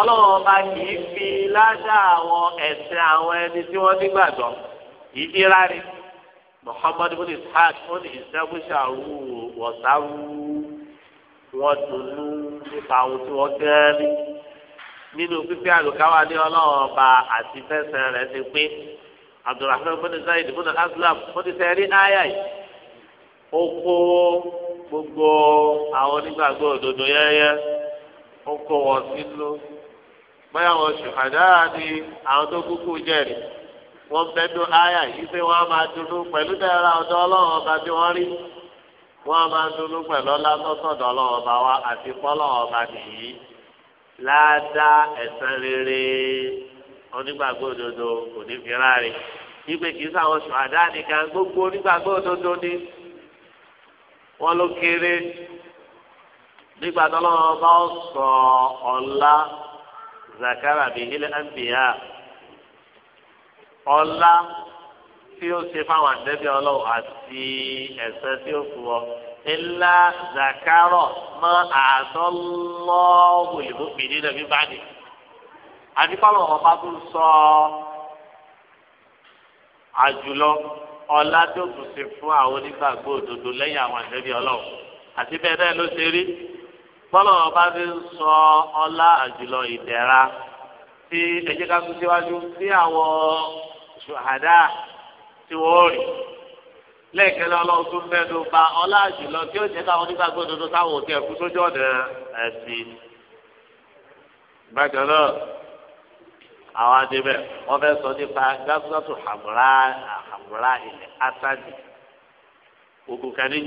ọlọ́run ọba kì í fi ládà àwọn ẹ̀sìn àwọn ẹni tí wọ́n nígbàgbọ́ ìdí rárí muhammadu bin ishaq ó ní ìṣẹ́gúnṣà wù wọ̀sá wù wọ́n dunnú nípa àwọn tí wọ́n gẹ́ẹ́rí nínú pípẹ́ àlùkáwá ní ọlọ́run ọba àti fẹsẹ̀ rẹ̀ ti pín abdulrahman bin zayd bin aslam wọn ti sẹrí àyà yìí ó gbogbo àwọn onígbàgbọ́ òdodo yẹ́yẹ́ ó wọn sínú báyà wọn ṣùhàdá ni àwọn tó kúkú jẹ́rìí wọn bẹnu àyà yìí pé wọn á máa dunu pẹ̀lú dára ọ̀dọ̀ Ọlọ́run ọba tí wọn rí wọn á máa dunu pẹ̀lú ọlá tọsọdọ Ọlọ́run ọba wa àti pọlọrun ọba nìyí láàdá ẹ̀san rere onígbàgbọ́ òdodo kò ní fi ráre wípé kì í sáwọn ṣùhàdá nìkan gbogbo onígbàgbọ́ òdodo ni wọ́n ló kéré nígbà tó lọ́wọ́ bá sọ ọ̀la zakara bihil anbiya ọ̀la tí ó ṣe fáwọn àdẹ́bí ọlọ́wọ́ àti ẹ̀sẹ̀ tí ó fún ọ ńlá zakara mọ́ àtọ́lọ́wọ́ ìlú pìdí nàbí nìyí àti pàmò ọba tó sọ àjùlọ ọlá tó kù sí fún àwọn onígbàgbọ́ òdodo lẹ́yìn àwọn àtẹ́bí ọlọ́run àti bẹ́ẹ̀ náà ló ṣe rí pàmò ọba tó sọ ọlá àjùlọ ìdẹ̀ra tí ẹ̀jẹ̀ ká tún síwájú sí àwọn ṣùhàdá tí wọ́n rí lẹ́ẹ̀kẹ́lẹ́ ọlọ́run tún mẹ́nu bà ọlá àjùlọ tí ó jẹ́ káwọn onígbàgbọ́ òdodo táwọn òkè ẹ̀kú sójú ọ̀nà ẹ̀sìn bákan náà. àwọn adébẹ̀ wọ́n sọ nípa gásọ́tù hàmúrà hàmúrà ilẹ̀ asadi ogun kan ní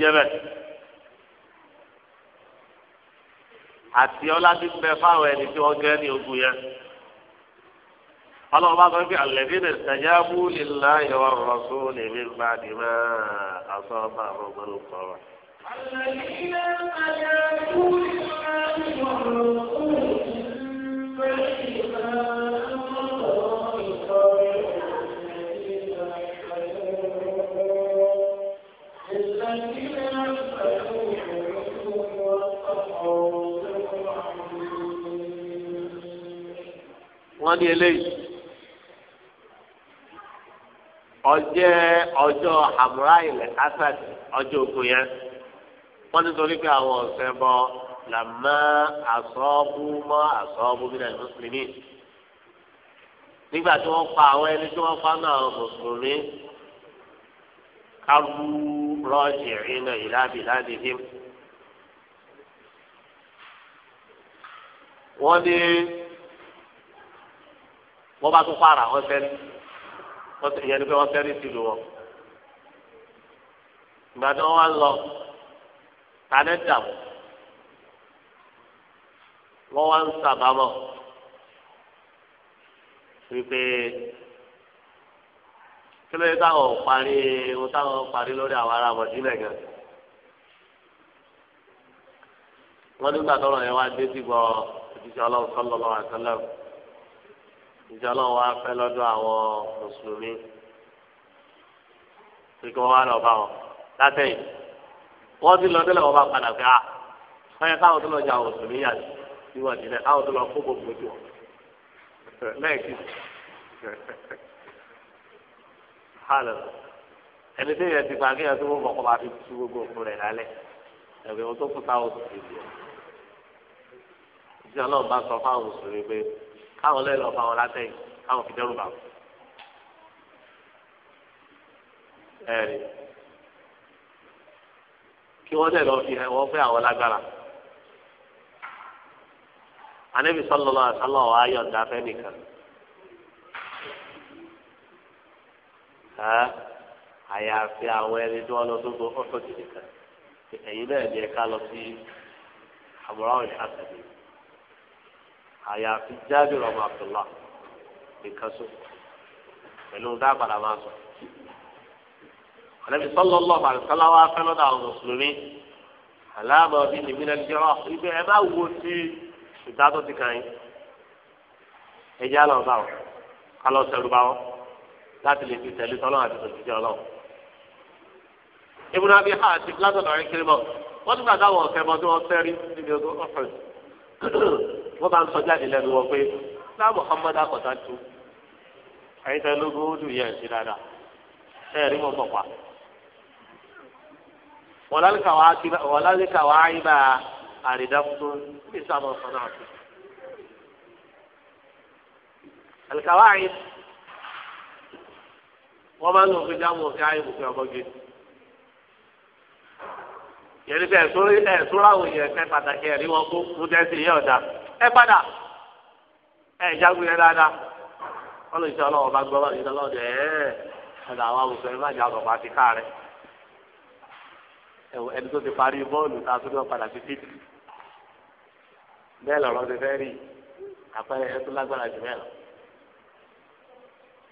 àti ọlọ́dún bẹ fáwọn ẹni tí wọ́n gẹ́ ní ogun yẹn ọlọ́run bá sọ pé àlẹ́bí lè sẹ́yà mú lílá ìwà di bá rọ̀gbọ́n ló kọ́ wa. àlẹ́bí lè sẹ́yà mú ìwà wọ́n ní eléyìí ọjẹ ọjọ́ àmúráìlẹ asad ọjọ́ ogun yẹn wọ́n ní torí pé àwọn ọsẹ bọ làmá àsọọbù mọ àsọọbù bílẹ mùsùlùmí nígbà tí wọ́n pa àwọn ẹni tí wọ́n pa náà mùsùlùmí kábù rọjì ìrìnà ìlàbí ládìhí wọ́n ní wọ́n bá tún fara wọ́n sẹ́rí ìyẹn ni pé wọ́n sẹ́rí sílùú wọn. ìgbà tí wọ́n wá lọ tàlẹ́ dàbọ̀ wọ́n wá ń sàbámọ̀ wípé kí ló dé táwọn parí ohun táwọn parí lórí àwọn ará mọ̀jìnlẹ̀ gan. wọ́n nígbà tọrọ yẹn wá dé sí gbọ́ òjíṣẹ́ ọlọ́run sọ́lọ́lọ́ àtọ́lẹ́wọ̀n ìjọ náà wá fẹ́ lọ́dọ̀ àwọn mùsùlùmí pé kí wọ́n wá lọ bá wọn látẹ̀yìn wọ́n ti lọ délẹ̀ wọ́n bá padà pé a ah, wọ́n yẹ káwọn tó lọ jẹ àwọn mùsùlùmí yà sí wọ́n ti lẹ̀ káwọn tó lọ kó gbogbo jù wọ́n lẹ́ẹ̀kì ẹni tí yẹn ti gba kí yẹn tó wọ́n bọ̀kọ́ máa fi tu gbogbo òkú rẹ̀ lálẹ́ ẹ̀gbẹ́ wọn tó kú táwọn tó ti bì ọ́ ìjọ bá sọ fáwọn mùsùlùmí pé. káwọn lẹ́yìn lọ́ọ́ bá látẹ̀yìn káwọn fi dẹ́rù bá wọn. kí wọ́n dẹ̀ lọ́ọ́ fi fẹ́ àwọn lágbára. ọ̀ ayọ̀ nìkan. àyàfi àwọn ẹni tí lọ tó náà lọ sí àbúrò àwọn ìṣàkàdé. àyàfi jáde rọmọ abdullah nìkan so pẹ̀lú dábàlà máa sọ. àlẹ́bí sọ́lọ́ lọ́ọ̀ àlùkálá wa fẹ́ lọ́dọ̀ àwọn mùsùlùmí aláàmọ̀ bíi nìmínà jọrọ ibẹ̀ ẹ bá wo sí ìdádọ́ ti kàn yín ẹ jẹ́ àlọ́ bá wọn kálọ̀ sẹ́lu bá wọn láti lè fi tẹ̀lé tọ́lọ́ àti tòṣìṣẹ́ ọlọ́run. ibùdó abiyá àti plátọ̀ lọ́rin kiri mọ́ wọ́n ti gbàdá wọn ọ̀fẹ́ mọ́ tí wọ́n fẹ́ rí níbi ogún wọ́n bá ń sọ jáde lẹ́nu wọn pé láàbù ọmọdé akọ̀tà tu àyíká lógún ó dùn yẹn sí dáadáa ẹ rí wọn bọ̀ pa. wọ́n lálẹ́ka wàá ayé bá àrídàkùtù bí sábà sọ̀nà àti. àlùkàwá ayé wọ́n máa ń lò fún jáàmù ọ̀kẹ́ ayé bùkún ọgbọ́gẹ́ yẹni bẹ́ẹ̀ tó ẹ sóra àwọn èèyàn fẹ́ pàtàkì ẹ̀rí wọn kó kú dẹ́sí yẹ ọ̀dà ẹ padà ẹ jágun yẹn dáadáa wọn lè ṣe ọlọ́wọ́ bá gbọ́ báyìí lọ́wọ́ dẹ̀ ẹ́ ọ̀dà àwọn àwùjọ ẹ má jà ọ̀gọ̀ pàtí ká rẹ ẹ̀wọ̀ ẹni tó ti parí bọ́ọ̀lù tá a tó dán padà sí títì bẹ́ẹ̀ lọ̀rọ̀ ti fẹ́ rí àpẹẹrẹ ẹ tó lágbára jù mẹ́rin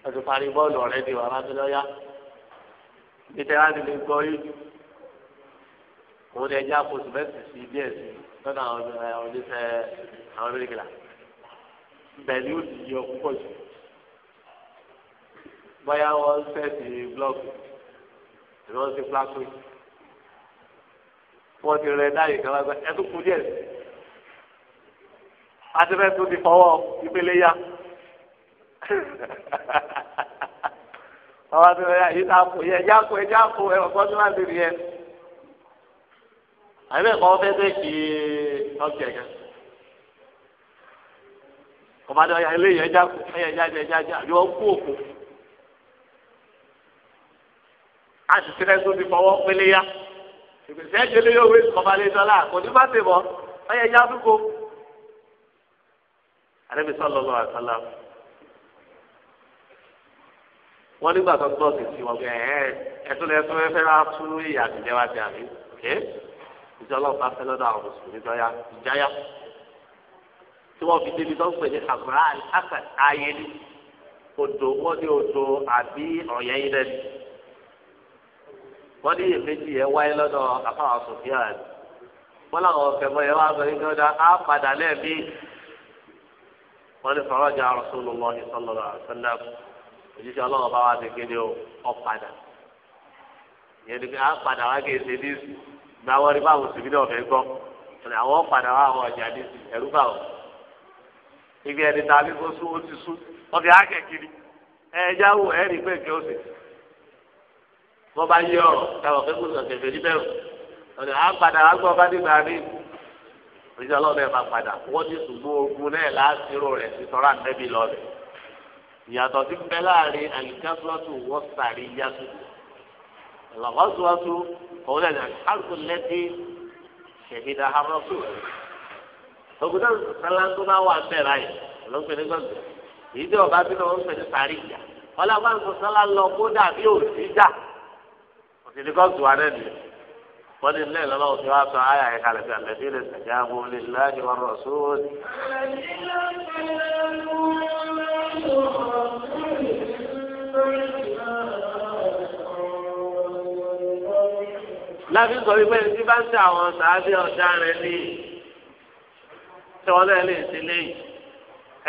ẹ ti parí bọ́ọ̀lù ọ̀rẹ́ di wàhálà tó lọ́yà òun ni ẹja kó sìmẹ́ǹtì sí díẹ̀ sí lọ́nà àwọn oníṣẹ́ àwọn mẹ́rìndínlá pẹ̀lú òdìyẹ púpọ̀ jù bóyá wọ́n sẹ́ẹ̀tì blọ́ọ̀gù ìlú wọn ti fúlákù wọ́n ti rẹ dáyé kan lágbá ẹ kú díẹ̀ sí tó ti fọwọ́ ìpele yá ọwọ́ adébẹ́ yá yìí tá a kó yẹ ẹja kó ẹja kó ẹ ọ̀gbọ́n tó láti rí yẹ àbí ẹ̀kọ́ fẹ́ fẹ́ fi ọ̀kẹ́ kan kọ̀mádé ọ̀yà eléyìí ẹja ẹ̀yà ẹja ẹja ẹja àbí wọ́n kú òkú àṣìṣe rẹ̀ tó ti fọwọ́ pélé yá ìgbésẹ̀ ẹ̀jẹ̀ lé yóò wé kọ̀mádé dọ́là kò ní bá ti bọ̀ ọ̀yà ẹja dúkọ. àrẹ́bí sọ́lọ́ lọ́wọ́ àtàlà wọ́n nígbà tó gbọ́ sí sí wọn ẹ̀ ẹ̀ ẹ̀ tó lẹ́sùn ẹ fẹ́ máa tú ìyàtìjẹ́ wá ti àbí ìjọ ọlọ́run bá fẹ́ lọ́dọ̀ àwọn mùsùlùmí lọ́yà ìjáyà tí wọ́n fi débi tó ń pè ní àgbà àkà ayé ni odò wọ́n ní odò àbí ọ̀yẹ́ yín lẹ́nu wọ́n ní ìfẹ́jì yẹn wáyé lọ́dọ̀ àfáwọn sòfíà rẹ̀ wọ́n làwọn ọ̀kẹ́mọ yẹn wá sọ̀rọ̀ nígbà dá á padà lẹ́ẹ̀mí wọ́n ní faraja Rasulullahi sallallahu alaihi wasallam ọlọ́run bá wá ti kéde ó padà yẹn ni á padà wá kéde ní sùn. gba wọn rí báwọn òsèlú náà fẹ́ gbọ́ ọ̀nà àwọn padà wà àwọn ọjà ní ti ẹ̀rú bá ibi ẹni tá a fi kó sún ó ti sún ọbẹ̀ akẹ́kiri ẹ̀ẹ́dá wò ẹ̀ rí pé kí ó bá yí ọ̀rọ̀ táwọn fẹ́ kó sọ̀tẹ̀ fẹ́ níbẹ̀ ọ̀nà à ń padà wà gbọ́ bá dìgbà rí ìjọ lọ́dọ̀ ẹ̀ máa padà wọ́n ti ṣùgbọ́n ogun náà láàṣírò rẹ̀ ti sọ̀rọ̀ ìyàtọ̀ ti ń bẹ láàrin àlìkáṣọ́tù wọ́n sàrí yásùkù ìlọ́gọ́sowọ́sọ òun lẹ́nu àlùkò lẹ́tí ṣèhídà hamọ́sọ. ògùdà sàlángó máa wà bẹ́ẹ̀ báyìí ló ń pè ní gbọ̀ngàn èyí tí ọba bínú ń pè ní sàárì ìjà ọlọ́pàá ń sọ sálá lọ kó dàbí òsì dà òsì ní kọ́ọ̀tù wa náà láti sọ wípé tí bá ń ṣe àwọn sàábì ọ̀daràn ní tí wọ́n náà lè ṣe léyìí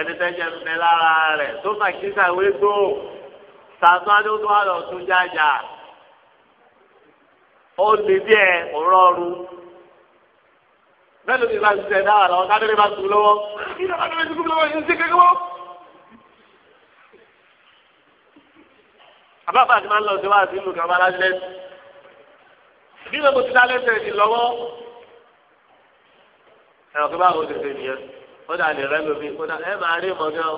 ẹni tẹ́jẹ́ ń bẹ lára rẹ̀ tó bá kíkà wégbó tààtú adótó wà lọ tún jájà ó lè díẹ̀ òrọ́ọ̀rù bẹ́ẹ̀ ló ti bá ń ṣe dáhà lọ́wọ́ ká lórí bá tù lọ́wọ́ kí ló bá lórí tù lọ́wọ́ yìí ń ṣe kékeré wọ́n. àbáfà ti máa ń lọ sí wáhà sí ìlú kan bá lájẹ́ sí bí mo ti dálé tẹ̀ sí lọ́wọ́ ẹ̀rọ kí báwo ti ṣe nìyẹn ó dà lè rẹ́ lómi ó dà ẹ máa rí ìmọ̀ náà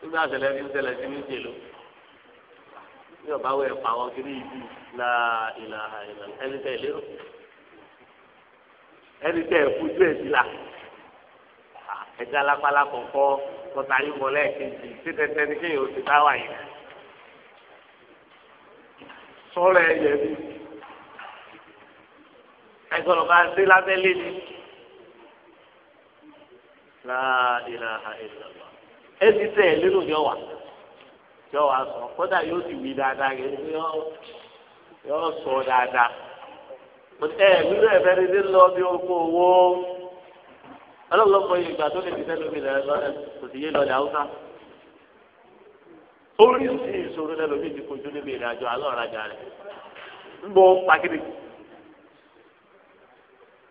nígbà àtẹ̀lẹ́ ní ìṣẹ̀lẹ̀ sí ní ìṣèlú ní ọ̀bá wẹ̀ pa àwọn kiri ìlú la ìlà ìlà ẹni tẹ̀ lérò ẹni tẹ̀ fojú ẹ̀ sí la ẹja alápálá kọ̀ọ̀kọ́ kọta yín mọ́ lẹ́ẹ̀kejì tí tẹ́tẹ́ ní kéèyàn ó ti bá wà yẹn sọ́rọ̀ ẹ̀ yẹ bíi. ẹgbọ́dọ̀ máa ṣe lábẹ́lé ni. láàdínà àìsàn ẹsì tẹ̀ nínú yọ wà yọ wà sọ kódà yóò ti wí dáadáa yẹn yọ sọ dáadáa ẹ nínú ẹ̀fẹ́ ni ní lọ bí orúkọ owó ọlọ́pàá ìgbà tó lè fi sẹ́nu mi lẹ́yìn lọ́dẹ kò sì yé lọ́dẹ haúsá oríṣi ìṣòro lẹ́nu mi ti kojú níbi ìrìnàjò alọ́ ọ̀rajà araja ń bọ́ pàkìrì.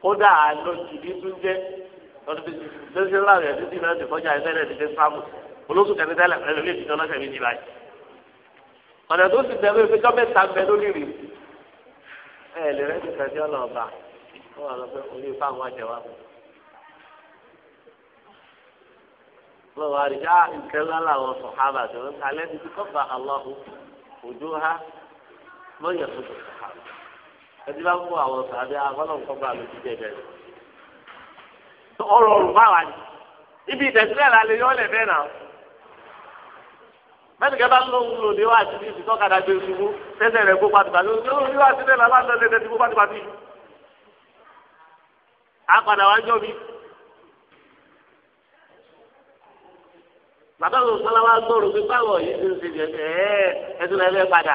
kódà àlòjì ní tún jẹ́ lọ́dún bíi lọ́sẹ̀ láàrin ẹ̀sìn tí ìrẹsì fọ́jà ẹ̀fẹ́rẹ́ ti fẹ́ sáàmù olóṣù kẹrin tẹ́lẹ̀ ẹ̀rọ lè fi jọ lọ́sẹ̀ méjì báyìí. ọ̀nà tó sì tẹ̀wé pé jọ́bẹ̀ ta bẹ lórí rì ẹ̀ lè rẹ́ ti tẹ̀sí ọ̀nà ọ̀bà wọ́n wà lọ pé orí ifá àwọn àjẹwà mọ́. wọ́n wà rí já ah, nǹkan ńlá làwọn sọ̀hábà tó ń kalẹ́ ti kọ́ ẹtí bá mú àwọn sàbẹ akọlọ́wọ́ kọ́ bá mi ti jẹ bẹ́ẹ̀. ọrọ̀ ọ̀rùn báwa ni ibi ìtẹ̀sílẹ̀ la lè yọ́ lẹ̀ bẹ́ẹ̀ náà. mẹ́tì kẹ́ bá ń lọ wúlò ní wá àti bíi ìtọ́ kàdá gbé ṣubú tẹ́sẹ̀ rẹ̀ gbó pàtìpàtì lórí wá sílẹ̀ la láti lọ́ọ́ tẹ́tí gbó pàtìpàtì. a padà wá jọ mi. bàbá mi sọlá wa gbọ́rọ̀ pé báwọ̀ yìí ti ń ṣe jẹ ẹ̀ẹ́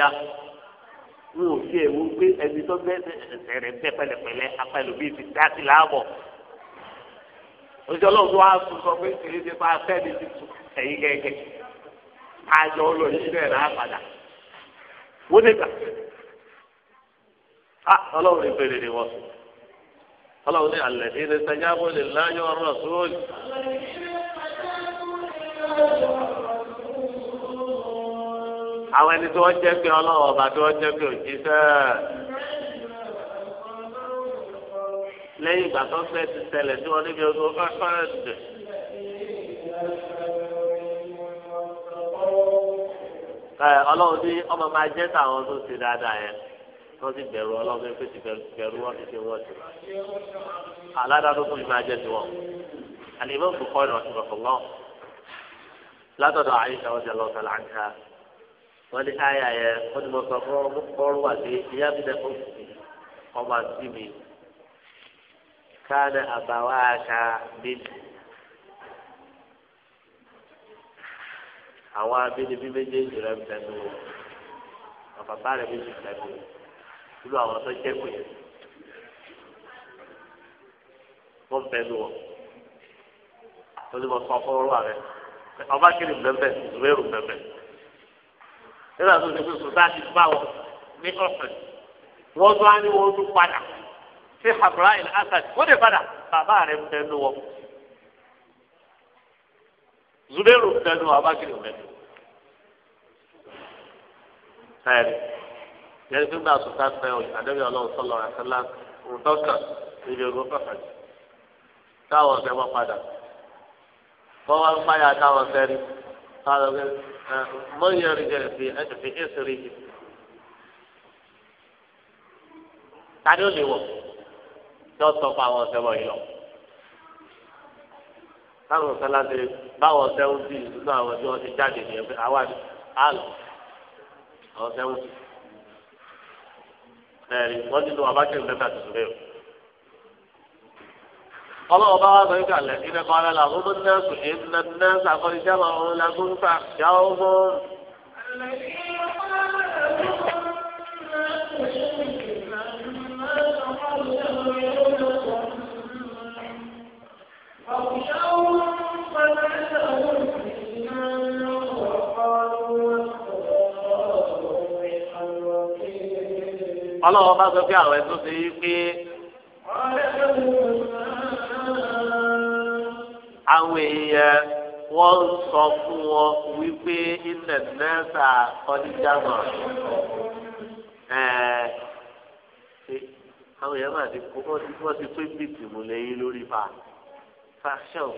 ẹ̀ wọn ò fi ẹ̀wọ̀n pé ẹni tó bẹ́ ẹsẹ̀ rẹ̀ bẹ́ pẹ̀lẹ́pẹ̀lẹ́ apẹ̀lú bíi ti dá sí láàbọ̀ ojú ọlọ́run wa tún sọ pé èyí ti pa afẹ́ni ti tu ẹ̀yìn kẹ̀kẹ́ àjọ olóyìn bẹ́ẹ̀ náà padà wọ́n ti gbà á ah, ọlọ́run ìbéèrè ni wọ́n ọlọ́run ní alẹ́ ní ìrẹsẹ̀ yàgò lè láyọ̀ ọ̀rọ̀ sóòlì àwọn ẹni tí wọ́n jẹ́ pé ọlọ́wọ́ ọba tí wọ́n jẹ́ pé òjíṣẹ́ lẹ́yìn ìgbà tó fẹ́ ti ṣẹlẹ̀ tí wọ́n níbi oṣù fẹ́fẹ́rẹ́dẹ̀. ọlọ́run ní ọmọ máa jẹ́ tàwọn tó ṣe dáadáa yẹn wọ́n ti bẹ̀rù ọlọ́run pé ti bẹ̀rù wọ́n ti ṣe wọ́n ti. aládàáfó fún mi máa jẹ́ tiwọn. àlè ìmọ̀ bùkọ́ ìrọ̀sùn lọ́kọ̀ọ́ látọ̀dọ̀ àyíṣà ọ̀sẹ̀ lọ́sẹ̀ láǹkà wọ́n ní àyà yẹn wọ́n ti mọ sọ fọ́ọ́rù wà sí ìyá mi dẹ́ fún ọmọ àti mi káàdà àbáwá aka mi. àwọn abínibí méjèèjì rẹ̀ ń tẹnu wọn àbàbá rẹ̀ méjì tẹnu wọn irú àwọn tó jẹ́ pé wọ́n ń tẹnu wọn wọ́n ti mọ sọ fọ́ọ́rù wà rẹ̀ ọba kiri mbẹ́mbẹ́ ìwé rù mbẹ́mbẹ́ nígbà tó ti fi sòsáàtì bá wọn ní ọ̀sẹ̀ wọ́n tún á ní wọ́n tún padà sí Ibrahim Asad wọ́n lè padà bàbá rẹ̀ ń tẹnu wọn Zubairu ń tẹnu wọn abákiri ń tẹnu ẹ̀rí yẹn fi gbà sòsáàtì náà àdébíyàn ọlọ́run sọlọ àṣẹlá òǹtọ́kà ìdí ogun fẹ́fẹ́ táwọn ọ̀sẹ̀ wọn padà wọ́n ń fáyà táwọn ọ̀sẹ̀ rí. قال من يرجع في في إسره تعالوا لي وقت تصف عن سبعين táwọn kan láti báwọn sẹ́wọ́n bí nínú àwọn tí wọ́n ti jáde ní ẹgbẹ́ àwa ni àlọ́ àwọn sẹ́wọ́n bí. ẹ̀rí wọ́n ti lo abájẹ́ ìgbẹ́ta tuntun bẹ́ẹ̀ o ọlọ́wọ́ bá wá sọ yìí kalẹ̀ ní ẹ̀kọ́ alẹ́ la gbogbo ní ẹ̀sùn yìí ní ẹ̀sùn ẹ̀sùn àkọ́ni jábọ̀ la gbogbo fà yà ó mọ́. ọlọ́wọ́ bá sọ pé àwọn ẹ̀sùn ti yí pé àwọn èèyàn wọ́n ń sọ fún wọn wípé ilẹ̀ mẹ́ta kọ́díjà náà ẹ̀ẹ́ àwọn èèyàn máa ti kó wọ́n ti pé bíìtì mú lẹ́yìn lórí fa fashion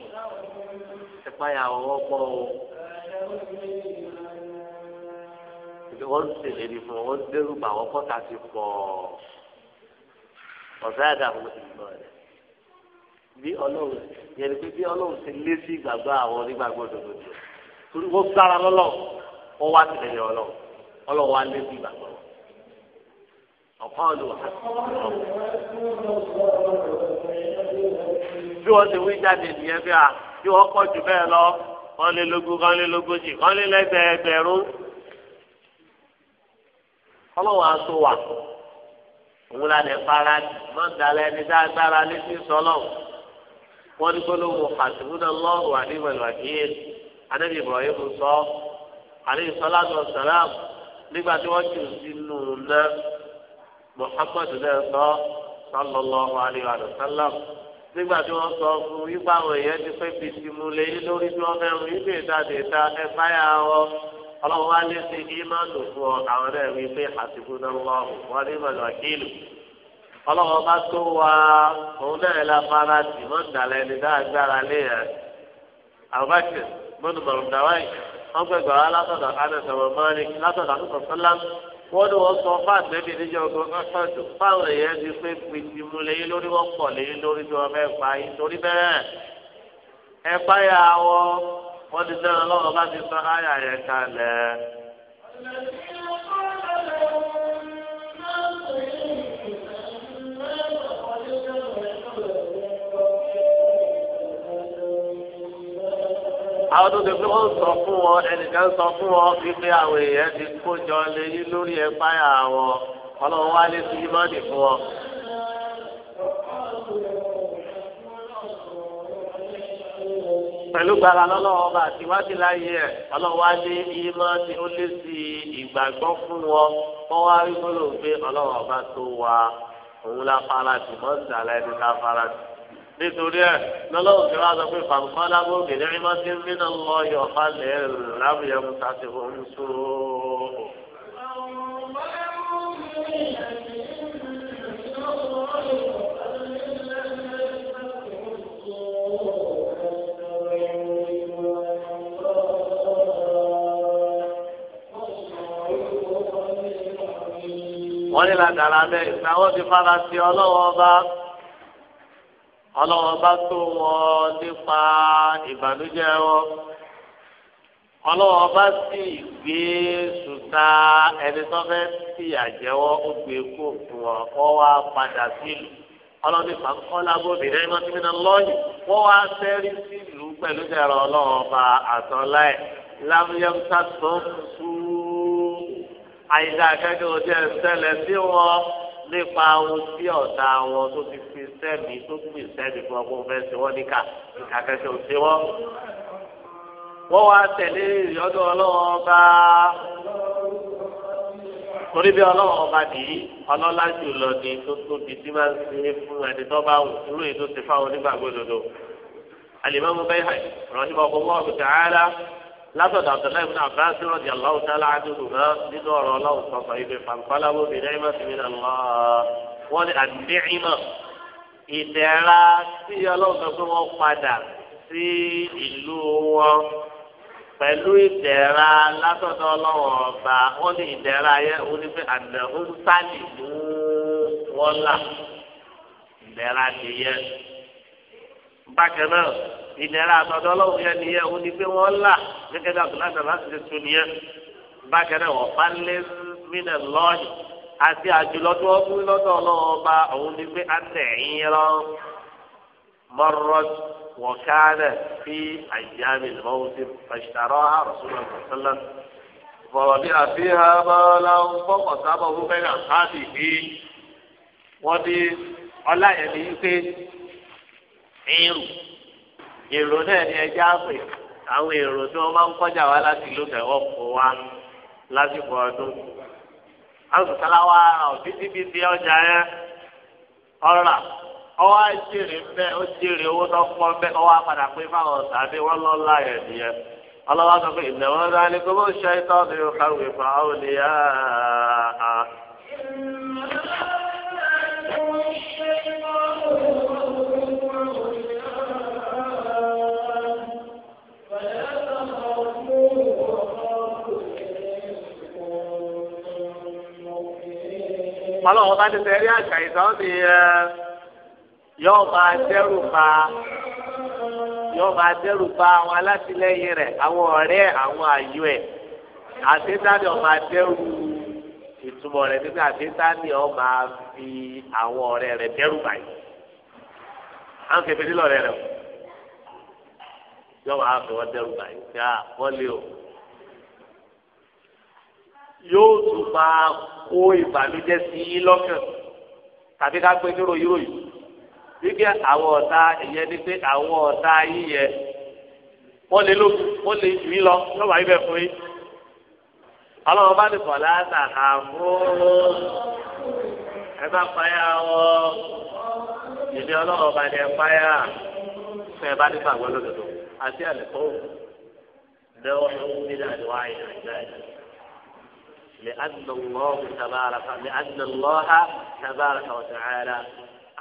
ìpayà ọwọ́ pọ̀ o wọ́n ń tẹ̀lé ní fún wọn wọ́n ń dẹ́rù bà wọ́n kọ́ta ti pọ̀ ọ̀sẹ̀ àdàmú ìgbọ̀n rẹ̀ bí ọlọ́run yẹn ni pé bí ọlọ́run ti lé sí ìgbàgbọ́ àwọn onígbàgbọ́ òdodo jù torí wọ́n gbára lọ́lọ́ wọ́n wá tẹ̀lé ọlọ́run ọlọ́run wá lé sí ìgbàgbọ́ ọ̀kan ló wà bí wọ́n ti wí jáde nìyẹn bí a bí wọ́n pọ̀ jù bẹ́ẹ̀ lọ kán lé lógún kán lé lógójì kán lé lẹ́gbẹ̀ẹ́gbẹ̀rún ọlọ́run aṣọ wà òun la fara mọ́ dalẹ̀ ní dáadáa lé sí wọ́n ní gbólóhùn àtìmúdà lọ́rù àdìmọ̀lù àdìyẹn anábì ibrahim sọ alẹ́ ìsọláàdùn ọ̀sálàm nígbà tí wọ́n jù sínú ná muhammad náà sọ sallallahu alayhi wa sallam nígbà tí wọ́n sọ fún yípa àwọn èèyàn ti fẹ́ fi tìmú lé lórí tí wọ́n fẹ́ yípa ìdáde ta ẹ báyà wọ ọlọ́run wá sí ìmáàdùn fún ọ àwọn náà wí pé àtìmúdà lọ́rù wọ́n ní ọlọ́wọ́ bá tó wa òun náà la fara tì mọ́ ìdàlẹ́ ní dáadáa lé yẹn àbáṣe mọ́nù mọ̀rùndàwáì wọ́n gbé gbàrà látọ̀dọ̀ anẹsọ̀rọ̀ mọ́ni látọ̀dọ̀ àtúntò sọ́lá wọ́n ní wọ́n sọ fún àtẹ́bí níjọ́ ogun ọ̀ṣọ́jú fáwọn èèyàn ti pé pìtì mu léyìn lórí wọ́n pọ̀ léyìn lórí tí wọ́n fẹ́ pa yín torí bẹ́ẹ̀ ẹ báyà wọ́n ti sẹ́wọ̀n lọ́wọ́ bá ti sọ áyà yẹn kalẹ̀. àwọn tó ṣe pé wọ́n sọ fún wọn ẹnìkan sọ fún wọn wípé àwọn èèyàn ti kójọ lé yín lórí ẹ̀fáyà wọn ọlọ́run wá lé sí ìmọ̀ọ́nì fún wọn. pẹ̀lú gbàrà lọ́lọ́wọ́ bá ti wá sí láyé ẹ̀ ọlọ́wọ́ adé ìmọ̀ tí ó lé sí ìgbàgbọ́ fún wọn wọ́n wá rí gbọ́dọ̀ pé ọlọ́wọ́ bá tó wa òun la fara tì mọ́ ìdàlẹ́ ẹni ká fara tì nítorí ẹ lọ́lọ́run ti ráza pé fàǹfàlà gbòógè ní ẹ̀rínmá sí nínú lọ yọ̀ọ̀fà lẹ̀ lábìyẹ musa ti wọ́n ní la bẹ́ẹ̀ ìgbà wọ́n ti fara sí ọlọ́wọ́ bá ọlọ́wọ́n bá tó wọn nípa ìbànújẹ́ wọn ọlọ́wọ́n bá sì gbé sùtá ẹni tó fẹ́ sì àjẹwọ́ ó gbé kó fún wọn wọ́n wá padà sílùú ọlọ́ni fàkọ́lá bóbi rẹ̀ iná tìmínà lọ́yìn wọ́n wá sẹ́rí sílùú pẹ̀lú dẹ̀rọ ọlọ́run ọba àtọ́lá ẹ̀ lámúyẹ́m sátó sú àyíká akẹ́kọ̀ọ́ jẹ́ sẹ́lẹ̀ sí wọn nípa ohun tí ọ̀tá wọn tó ti fi sẹ́mi tó gbìn sẹ́mi fún ọkọ fẹ́ ṣe wọ́n níkà kàkẹ́kẹ́ ò ṣe wọ́n. wọ́n wá tẹ̀lé ìyọ́dọ̀ ọlọ́wọ́n ọba torí bí ọlọ́wọ́n ọba nìyí ọlọ́lá jù lọ ní tó tóbi tí máa ń ṣe fún ẹni tó bá wù irú èyí tó ṣe fáwọn onígbàgbọ́ òdodo. alimami bẹ́ẹ̀ hàn rọ́ṣẹ́ bọ́ gbogbo ọ̀gbìn tààrà látọ̀dọ̀ abdullahi ibn abbas rọ̀dì aláwọ̀ tálá àdúgbò nínú ọ̀rọ̀ ọlọ́wọ̀ sọ̀tọ̀ ibẹ̀ fàǹfàlà wọ́n mi náà ìdẹ̀ra tí ọlọ́run pé wọ́n padà sí ìlú wọn pẹ̀lú ìdẹ̀ra látọ̀dọ̀ ọlọ́run ọba wọ́n ní ìdẹ̀ra yẹn wọ́n ní pé àdàbò ń sálì mú wọn là ìdẹ̀ra nìyẹn. bákan náà ìdẹ̀ra àtọ̀dọ̀ ọlọ́run yẹn nìyẹn wọ́n ní pé wọ́n là gẹ́gẹ́ bí àbúrò àti àbúrò àti tuntun bákan náà wọ́n bá lé mílẹ̀ lọ́ọ̀yì àti àjùlọ tó wọ́n fún lọ́dọ̀ ọlọ́wọ́ ọba òun ni pé anẹ̀yìn rán mọ́rọ́d wọ̀kánẹ̀ sí àyàmì lọ́wọ́sí pàṣẹtàrọ́ àrùsùn ọ̀sán bọ̀rọ̀ bí àfihàn máa láwọn fọ́kàn sábà fún bẹ́ẹ̀ náà sáàbì bí wọ́n ní ọlá yẹn ni irú èrò náà ni ẹja pè àwọn èrò tí wọ́n máa ń kọjá wa láti lókè ọkọ̀ wa lásìkò ọdún alùpùpù wa rà ọ títí bíi ti ọjà yẹn ọ̀rà ọwọ́ àjèrè mbẹ́ ó jèrè owó tó pọ̀ mbẹ́ ọwọ́ àpàdà pé fáwọn ọ̀sàdé wọn lọ láyẹ̀ nìyẹn ọlọ́wọ́ sọ pé ìnáwó rálẹ̀ kó bó ṣe tọ́ ní òkàwé fún àwọn ènìyàn. ọlọ́run bá tẹ̀sẹ̀ rí àṣà ìsàn ti yọ máa dẹ́rù pa yọ máa dẹ́rù pa àwọn alátìlẹ́yìn rẹ̀ àwọn ọ̀rẹ́ àwọn àyò ẹ̀ àtẹ́tàdì ọ̀ máa dẹ́rù rẹ nígbà fi àwọn ọ̀rẹ́ rẹ̀ báyìí nílò báyìí yóò tún máa kó ìbànújẹ́ sí yín lọ́kàn tàbí ká pé nírò yírò yìí wípé àwọn ọ̀tá ìyẹn ni pé àwọn ọ̀tá yín yẹ wọ́n lè lò wọ́n lè jù yín lọ lọ́wọ́ ibẹ̀ fún yín ọlọ́run bá ti kọ̀ láta àmúrò ẹ bá payá ọ ìdí ọlọ́run bá ní ẹ payá fún ẹ bá ní fàgbọ́ lódodo àti àlẹ́ kó lẹ́wọ́n ló ń gbé láti wáyé àti لأن الله تبارك لأن الله تبارك وتعالى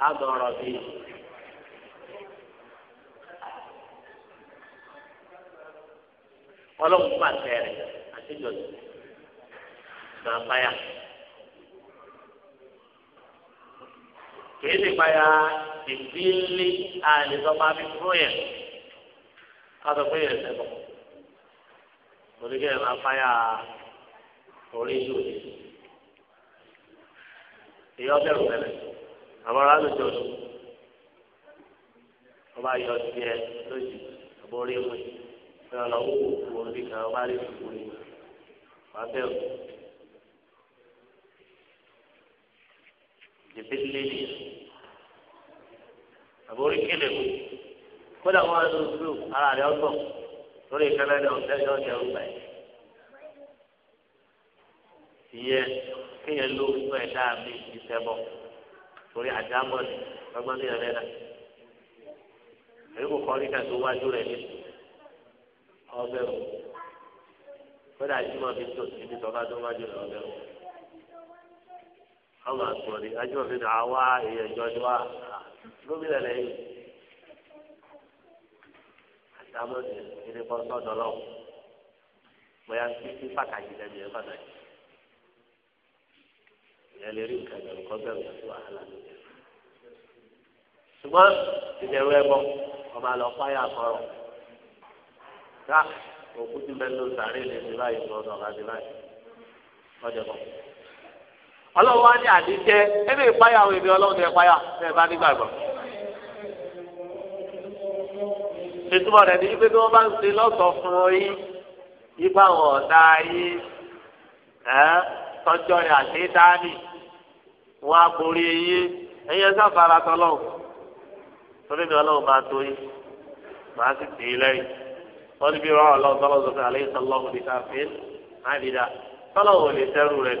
أمر به ولو ما كان أسجد ما قيا كيف قيا تبيلي آل ضباب الرؤية هذا قيا سبق ولكن ما قيا orí yóò lé èyí ọbẹ̀ rò tẹ́lẹ̀ àwọn ará ló jọ lò wọ́n bá yọ sí ẹ lójì àbọ̀ orí wọn pé ọ̀nà owó òkú orí kan wọ́n bá rí òkú ni wọ́n á bẹ̀rù. Dèbí lílé àbọ̀ orí kéde kù kódà wọn á lọ sí ara rẹ̀ ọ̀tọ̀ lórí ìkẹlẹ́ ní ọ̀tẹ́ ní ọ̀tẹ́ yìí. ìyẹn kéèyàn ló fún ẹ̀dá mi ìṣẹ́bọ̀ torí àdámọ́ ni lọ́gbọ́n ní ẹ̀rẹ́ náà èyí kò kọ́ níta tó wájú rẹ̀ ní ọbẹ̀ o kódà jùmọ̀ bí tó ti ní tọ́ba tó wájú rẹ̀ ọbẹ̀ o ọmọ àtúwọ̀ ni ajúmọ̀ fi náà wá èèyàn jọ ni wá lẹ́yìn ni ìdíkọ́ sọ́dọ̀ lọ́wọ́ bóyá pàtàkì pàtàkì. èèyàn lè rí nǹkan ìbẹ̀rù kọ́ bẹ̀rù àti wàhálà lóde. ṣùgbọ́n ìbẹ̀rù ẹ̀bọ ọba lọ fáyà kọ̀rọ̀ ká òkú ti bẹ́ẹ̀ ló sàárè lè ti báyìí lọ́dọ̀ ọ̀gá ti báyìí lọ́jọ́ bọ̀. ọlọ́run wá ní àdíjẹ́ ẹ̀mí ìpáyà àwọn èmi ọlọ́run ẹ̀ páyà ẹ̀ bá nígbàgbọ́. ìtumọ̀ rẹ̀ ní pé bí wọ́n bá ń ṣe lọ́sọ̀ fún yín yípa àwọn ọ̀tá wọn á borí eyín ẹyẹ sáfara tọlọ́hùn torí mi ọlọ́run máa tó yín màá sì tì í lẹ́yìn wọ́n ní bí wọ́n wà lọ́wọ́ tọ́lọ́ sọ́kàn àlẹ́ ìsọlọ́hùn ní káfíń àdìdá tọ́lọ́ wò lè tẹ́rù rẹ̀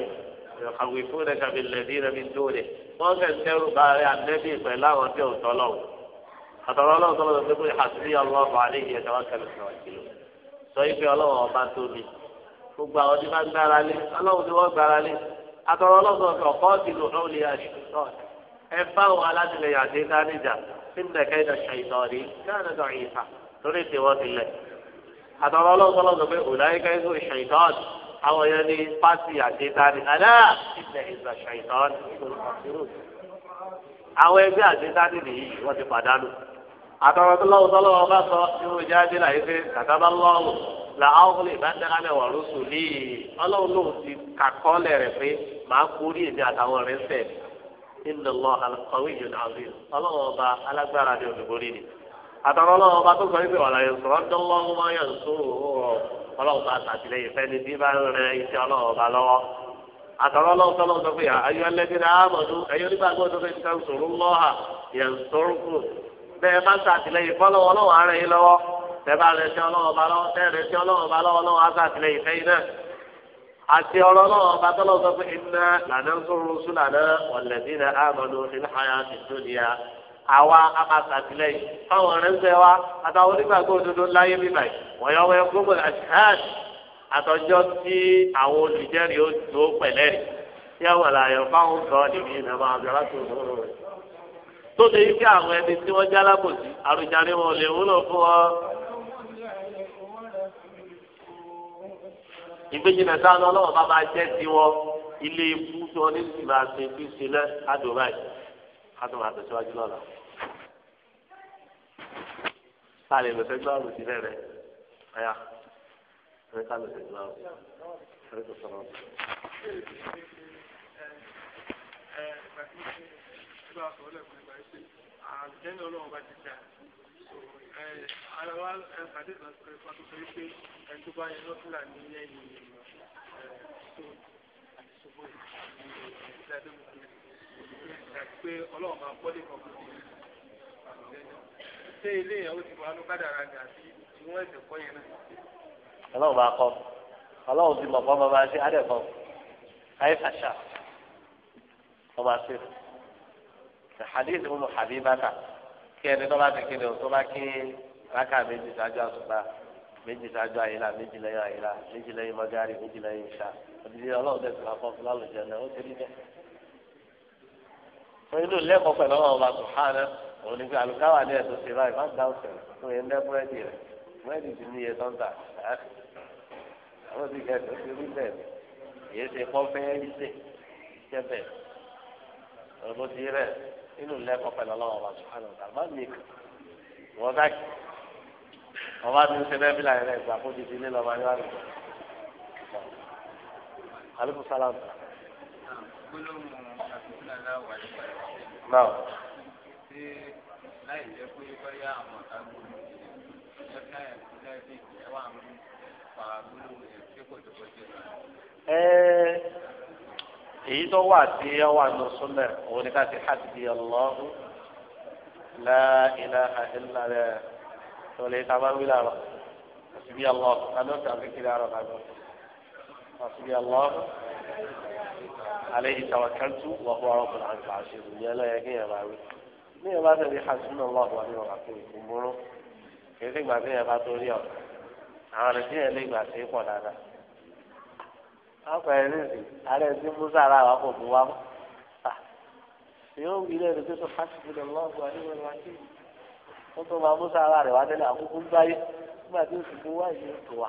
àwì fún rẹ̀ kàbí lẹ́dí rẹ̀ mi tó rẹ̀ wọ́n kẹ́ ń tẹ́rù bá rẹ̀ ànẹ́bí pẹ̀lú àwọn tí ò tọ́lọ́hùn àtọ̀rọ̀ ọlọ́run tọ́lọ́ sọ àtọ̀rọ̀ ọlọ́sọ̀ọ̀sọ̀ kọ́ ti lò ó lè àṣìṣọ́ ẹ bá wọn alátìlẹyìn àti ìdánidà nínú ẹ̀ka ìdá ṣàìtọ́rí káàdà tó yìí fà torí ti wọ́n ti lẹ̀. àtọ̀rọ̀ ọlọ́sọ̀ọ̀sọ̀ pé òláyíká ìṣó ìṣàìtọ́rí àwọn yẹn ní pátì àti ìdání àdá ìṣẹ̀ ìgbà ṣàìtọ́rí àwọn ẹgbẹ́ àti ìdání nìyí wọ́n ti pàdánù. àtọ̀rọ̀ ọlọ́sọ̀ọ̀sọ̀ bá sọ làwọn olè bá dára lẹ wà lóṣù léè ọlọ́run lòun ti kàkọ́lẹ̀ rẹ̀ pé màá kórè èmi àtàwọn rẹ̀ sẹ̀ nínú lọ àlùkọ́wé yìí náà rí ọlọ́run ọba alágbára ni olùborí ni àtàwọn ọlọ́run ọba tó sọ wípé ọ̀la yẹn sọ̀rọ̀ dánlọ́wọ́ máa yàn sóró ọlọ́run bá tàtìlẹ́yìn fẹ́ni bí bá ń rẹ iṣẹ́ ọlọ́run ọba lọ́wọ́ àtàwọn ọlọ́run tọ́lọ́ sọ pé ayọ́ ẹlẹ́dẹ́ náà àmọ̀dún ẹ̀yọ́ nígbà gbọ́dọ̀ fẹ́ ti sọ̀rọ̀ lọ́hà yẹn sọ̀rọ̀ kù tẹ́bà rẹ̀ sí ọlọ́wọ́ bá lọ́wọ́ tẹ́ rẹ̀ sí ọlọ́wọ́ bá lọ́wọ́ lọ́wọ́ aṣáàtìlẹ̀ ìfẹ́ iná àti ọ̀rọ̀ ọlọ́wọ́ bá tọ́lọ́ sọ pé iná lànà ń sọ̀rọ̀ oṣù lànà ọ̀lẹ́dínà àmọ́nù ìlànà ìdúnìyà àwa aṣáàtìlẹ̀yìn fáwọn ọ̀rẹ́ ń sẹ́ wa àtàwọn onígbàgbọ́ òdodo láyé bíbà wọ̀nyọ́wọ́ ẹgbẹ́gbẹ́ àṣáàtì àtọ́jọ́ tí àwọn olùjẹ́rìí ó tó ìgbéjìnà sáánù ọlọ́wọ́ bá bá jẹ́ tiwọ́ ilé ikú tó ní ìgbà ṣe fi sílẹ̀ ádùn báyìí ádùn máa tẹ̀síwájú lọ́la. sáré lọ sẹ́gbẹ́ àrùn sí rẹ̀ rẹ̀ ọ̀yà rẹ̀ ká lọ sẹ́gbẹ́ àrùn rẹ̀ tó sọ̀rọ̀. Àjẹ́ni ọlọ́run bá ti dà ara wa pàdé kan sọ ipa tó sọ wípé ẹni tó bá yẹ lọ́fúlà ní ẹ̀yìn tó àti ṣubú ìdájọ́ pé ọlọ́run máa pọ́lé kọ̀ọ̀kan ṣé ilé ìyàwó ti wà ní kádàrá ni àti ìwọ̀n ẹ̀sẹ̀ kọ́ yẹn náà. ọlọ́run máa kọ́ ọlọ́run ti mọ̀ fọ́ ọmọ máa ṣe adẹ́kọ̀ọ́ ayé fàṣà ọmọ àṣẹ hadith ọmọ Habibata kí ẹni tó bá ti kéde o tó bá kí rákà méjì ṣáájú àsùbá méjì ṣáájú àyílá méjì lẹ́yìn àyílá méjì lẹ́yìn mọ́gárì méjì lẹ́yìn ìṣá òdìdí ọlọ́run tẹ̀sí wá fọ́ fúláwọ̀ jẹ náà ó ti rí bẹ́ẹ̀. fún inú lẹ́kọ̀ọ́ pẹ̀lú ọmọ ọba sùhánà òun ni pé àlùkáwà ní ẹ̀sùn ṣe báyìí má dá ọ̀sẹ̀ fún yẹn lẹ́ búrẹ́dì rẹ̀ búrẹ́dì ti ní iye tọ́ńtà àwọn ti gẹ̀ tó ti rí bẹ́ẹ̀ ni èyí ṣe pọ́ńfẹ́ nínú lẹ́kọ̀ọ́ pẹ̀lú ọlọ́wọ́ ọba sùhánù ọ̀tà má mi kàn wọ́n bá kì ọba tó ń ṣe bẹ́ẹ̀ bílà yẹn ẹgbà fún títí nílò ọba yóò rí alifu salam. báwo. ṣé láì jẹ́ pé bóyá àwọn èyí tó wà sí ọwà ní súnlẹ̀ òun ni ká ti hàtìdì ọlọ́run láìlà àìlà rẹ̀ tó lè ká bá wí làrọ̀ àṣìbí ọlọ́run lánàá tó àfi kiri àrọ̀ làgbọ̀ àṣìbí ọlọ́run alẹ́ ìtawàkẹ́ntù wọ̀hún ọ̀rọ̀ kò láǹkà àṣìbí yẹn lọ́yẹ kí yẹn máa wí ní yẹn bá tẹ̀lé hàṣìbí ọlọ́run wà ní ọ̀rọ̀ àti ìkùnbúrú kì í sì gbà afẹ́rẹ́ nìyí ààrẹ ti mú sára àwọn kò fún wa mọ́ yóò wí lẹ́nu pé tó fásitì lọ lọ́wọ́ àdéhùn wa sí ó tó máa mú sára rẹ̀ wá délé àkókò ń báyé nígbà tí oṣù tó wá yìí tó wà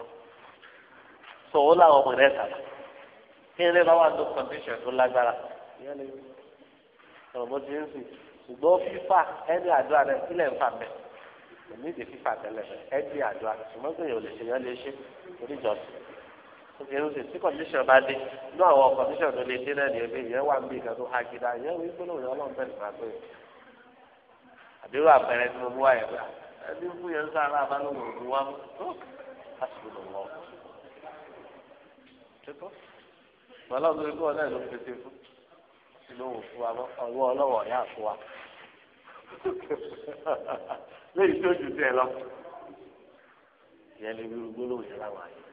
sọ̀wọ́ làwọn ọmọ rẹ̀ sàlà kí ẹni bá wà ní kọ̀ǹtíṣàn tó lágbára ìyẹn lè sọ̀rọ̀ ti ń sìn ṣùgbọ́n fífà ẹni àdúrà rẹ̀ sílẹ̀ ń fà mẹ́ ìdè fífà tẹ́lẹ̀ ẹni àdúrà ṣùgbọ́n obìnrin sì tí kọ̀míṣọ̀ bá dé inú àwọn kọ̀míṣọ̀ tó lè dé náà ní ẹbí ìyẹn wà ń bí ìkan tó ha gidi ìyẹn wí gbọ́dọ̀ ìyẹn ọlọ́run bẹ̀rẹ̀ fà pé àbírò àpẹẹrẹ tí mo mú àyẹ̀ gbà ẹbí fún yẹn sára abálòmọ̀ ògùn wa mú tó kásìkò lò wọ́n. bọ́lá ọ̀gbìn kí wọ́n náà ló fèsì fún ìlówó fún wa ọwọ́ ọlọ́wọ́ ọ̀yá fún wa lẹ́yìn tó ju tẹ̀ lọ ìyẹn lè rí gbólóhùn yẹn láwọn àyè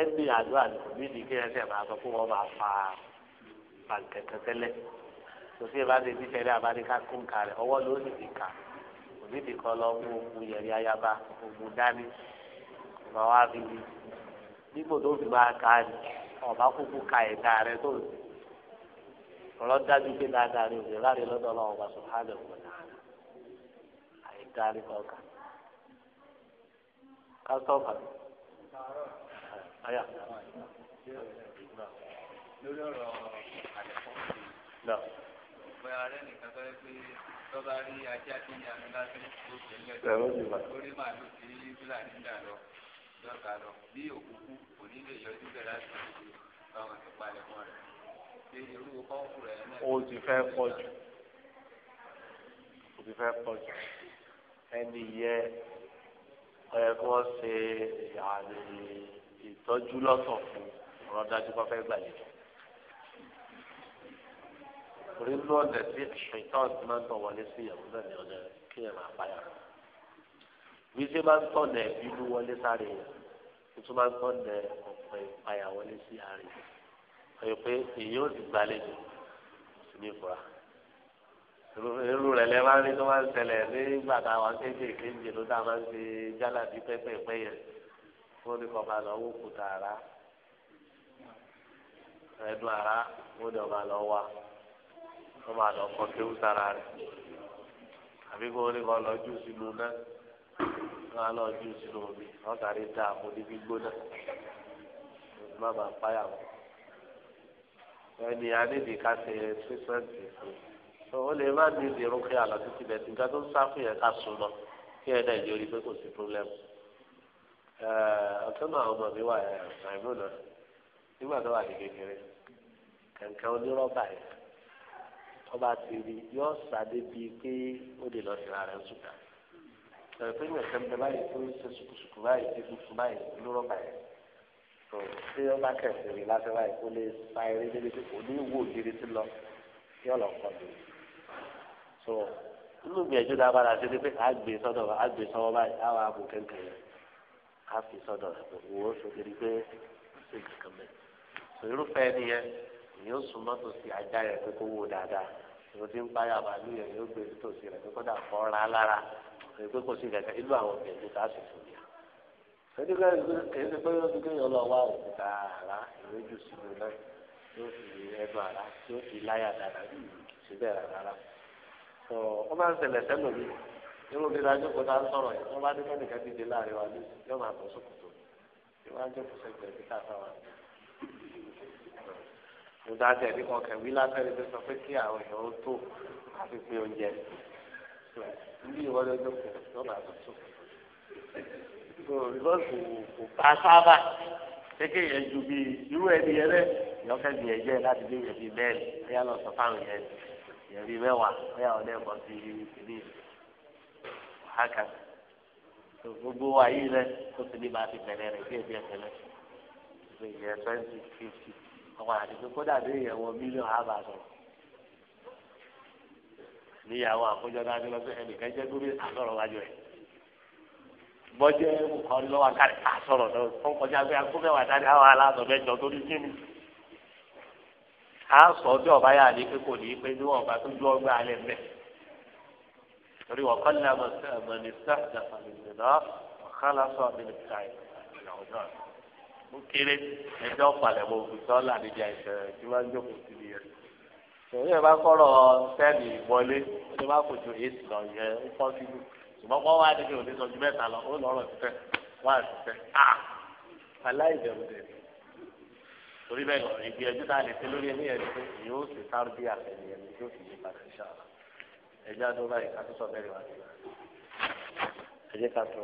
ẹbí àdúrà nídìí kí ẹsẹ̀ máa sọ fún wọn máa fa pàǹkẹ̀kẹ̀ tẹ́lẹ̀ tòsí ìbá ti ti fẹ́rẹ́ àbáríká kún ká rẹ̀ ọwọ́ ló sì ti kà òdìdí kan lọ mú ogun yẹ̀rí ayaba ogun dání ọba wa fi ni dípò tó fi máa ka ni ọba kúkú ka ẹ̀dá rẹ tó lù ọlọ́dájú pé dáadáa rẹ òde láre lọ́dọ̀ ọlọ́run ọba sọ̀hánà ọ̀gbọ̀n náà àìdá rẹ àyà. lórí ọ̀rọ̀ àlẹ́kọ́ bóyá rẹ nìkan tó yẹ pé tọ́ba rí ajá tí ní àmì lábẹ́ tó ṣe lẹ́sẹ̀ lórí màálù tí fúlàní ń dà lọ lọ́ta lọ bí òkùnkùn kò ní lè yọjú bẹ̀rẹ̀ láti ṣe báwọn ti palẹ̀ mọ́ rẹ̀ ṣé irú kọ́ńkù rẹ̀ náà. o ti fẹ́ pọ̀ jù o ti fẹ́ pọ̀ jù ẹni yẹ ọ̀yẹ́ kí ṣe ìyá àlè ìtọ́jú lọ́sọ̀ fún ọ̀rọ̀ dájú kọ́ fẹ́ gbàlejò. torí ló ọ̀dẹ̀ tí ṣètọ́n ti máa ń tọ̀ wọlé sí ìyàwó náà ní ọ̀dẹ̀ kí ẹ̀ máa báyà. bí ṣe máa ń tọ̀nà ẹ̀bí ló wọlé sáré yẹn ó tún máa ń tọ̀nà ọ̀pọ̀ ìpayà wọlé sí àárẹ̀ ọ̀yọ̀ pé èyí ò ti gbàlejò sí ní ìfura. irú rẹ̀ lẹ́ máa ń rí tó máa ń ṣẹlẹ̀ nígbà táwọn kéékèèké ń jèrò táwọn máa ń ṣe jálàbí pẹ́pẹ́pẹ́ yẹn wọ́n ní kọ́ba lọ wó kúta ara ẹnu ara wọ́n ní ọba lọ wá wọ́n máa lọ kọ́ kéwú sára rẹ̀ àbí kí wọ́n ní kọ́ lọ jù sínú náà wọ́n á lọ jù sínú omi wọ́n sáré dá àpò ní gbígbóná wọ́n má máa páyà wọ́n ẹni anídì ká ṣe tírísẹ́ǹtì fún un ó lè má ní ìdí àlọ́ títí bẹ̀ tí nǹkan tó ń sáfù yẹn ká sùn lọ kí ẹ̀ dẹ̀ yọrí pé kò sí pírọ́lẹ́mù. Eh, ọ̀tún náà ọmọ mi wà eh, màìmú náà nígbà tó wà ní kékeré kankan onírọ́bà yẹn ọba ti rí yọ sáré bíi pé ó lè lọ sí ara rẹ̀ sùkà pẹ̀lú ẹ̀sẹ̀ mi báyìí tó ń ṣe sùkùsùkù báyìí ti funfun báyìí onírọ́bà yẹn tó ṣé ọba kẹsì rí lásán báyìí kó lè sa eré débi tó kò ní wò gírí sí lọ yọ lọ kọ mi tó inú gbìyànjú dábàá la ṣe pé àgbè sọ́dọ̀ àgbè sọ́wọ́ báyìí àwọn àbò kẹ̀kẹ́ á fi sọ́dọ̀ rẹ̀ pé wo sókèrè pé ṣé kankan mẹ́. sọ ẹni yẹn èyàn sùn mọ́tò sí ajá yẹn pé kó wó dáadáa ìwọ tí ń páyà màálù yẹn yóò gbé tòsí rẹ̀ pé kódà fọ́ ra lára pé sí ìlú àwọn ìlú káà sì ká pé yóò kéèyàn lọ wá òkúta ìwé jù náà yóò fi ọ máa ń irú bí lajú kò tá a sọ̀rọ̀ yìí wọ́n bá ní kẹ́nìkan ti di láàrin wa ní yóò máa tọ́ sókòtò tí wọ́n á jẹ́ kùsẹ̀kẹ̀ bí káfá wa. mo dá tẹ̀ ní kọkẹ́ wí látẹ́rí pé sọ pé kí àwọn èèyàn ó tó àti pé oúnjẹ ní ìwọ́n lọ́jọ́ kò yóò máa tọ́ sókòtò. so because kò bá sábà kéèké yẹn ju bí irú ẹni yẹn lẹ ìyọkẹ́ bí ẹ jẹ́ láti bí yẹn bí mẹ́rin ẹ̀yà lọ sọ fáwọn yẹn yẹn bí mẹ́wàá ẹ̀yà ọ̀dẹ́ ẹ̀kọ́ haka gbogbo wa yìí rẹ tó ti di máa fi tẹ̀lé rẹ díẹ̀ díẹ̀ tẹ̀lé ṣe ìyẹn twenty fifty ọmọ àdìgbò kódà bí ìyẹn wọ mílíọ̀nù àbá sọ̀rọ̀ níyàwó àkójọ náà ti lọ sí ẹnìkan jẹ́ gómìnà àsọ̀rọ̀ wájú ẹ̀ bọ́jẹ́ kọ́ni lọ́wọ́ kárí àsọ̀rọ̀ náà tó ń kọjá pé agbófẹ́wà dání àwọn aláàbọ̀ mẹ́jọ tó ní kíni àásọ̀ ọdún ọ̀bá yà ní pé kò ní í pé níwọ̀n ọ̀bá tó ju ọgbà alẹ́ mẹ́ẹ̀ torí wọ́n kọ́ ní amọ̀nìsá ìjàpá nìyẹn náà wọ́n kọ́ lásán mi nìkan ìyàwó náà ó kéré ẹjọ́ palẹ̀ mọ́ òkú sọ́ọ́ làdíjà ìṣẹ̀lẹ̀ tí wọ́n ń jókòó sí ni yẹn. sọ̀rọ̀ yẹn bá kọ́rọ̀ sẹ́ẹ̀lì ìwọlé ó bá kò ju èsì lọ yẹ ó pọ́ sílù ṣùgbọ́n wọ́n wá níbi òní sọ́jú mẹ́ta lọ ó lọ́rọ̀ títẹ̀ wọ́n á títẹ̀ ah! á torí bẹ́ẹ̀ ìgbìyànjú tá a lè ṣe lórí ẹni yẹn ni pé ìyóò ṣe sáré bí àtẹ̀yẹ ni yóò fi yí padà ṣáà ẹ̀jẹ̀ àdúrà yìí ká tó sọ bẹ́ẹ̀ wá. ẹ̀jẹ̀ ká tó.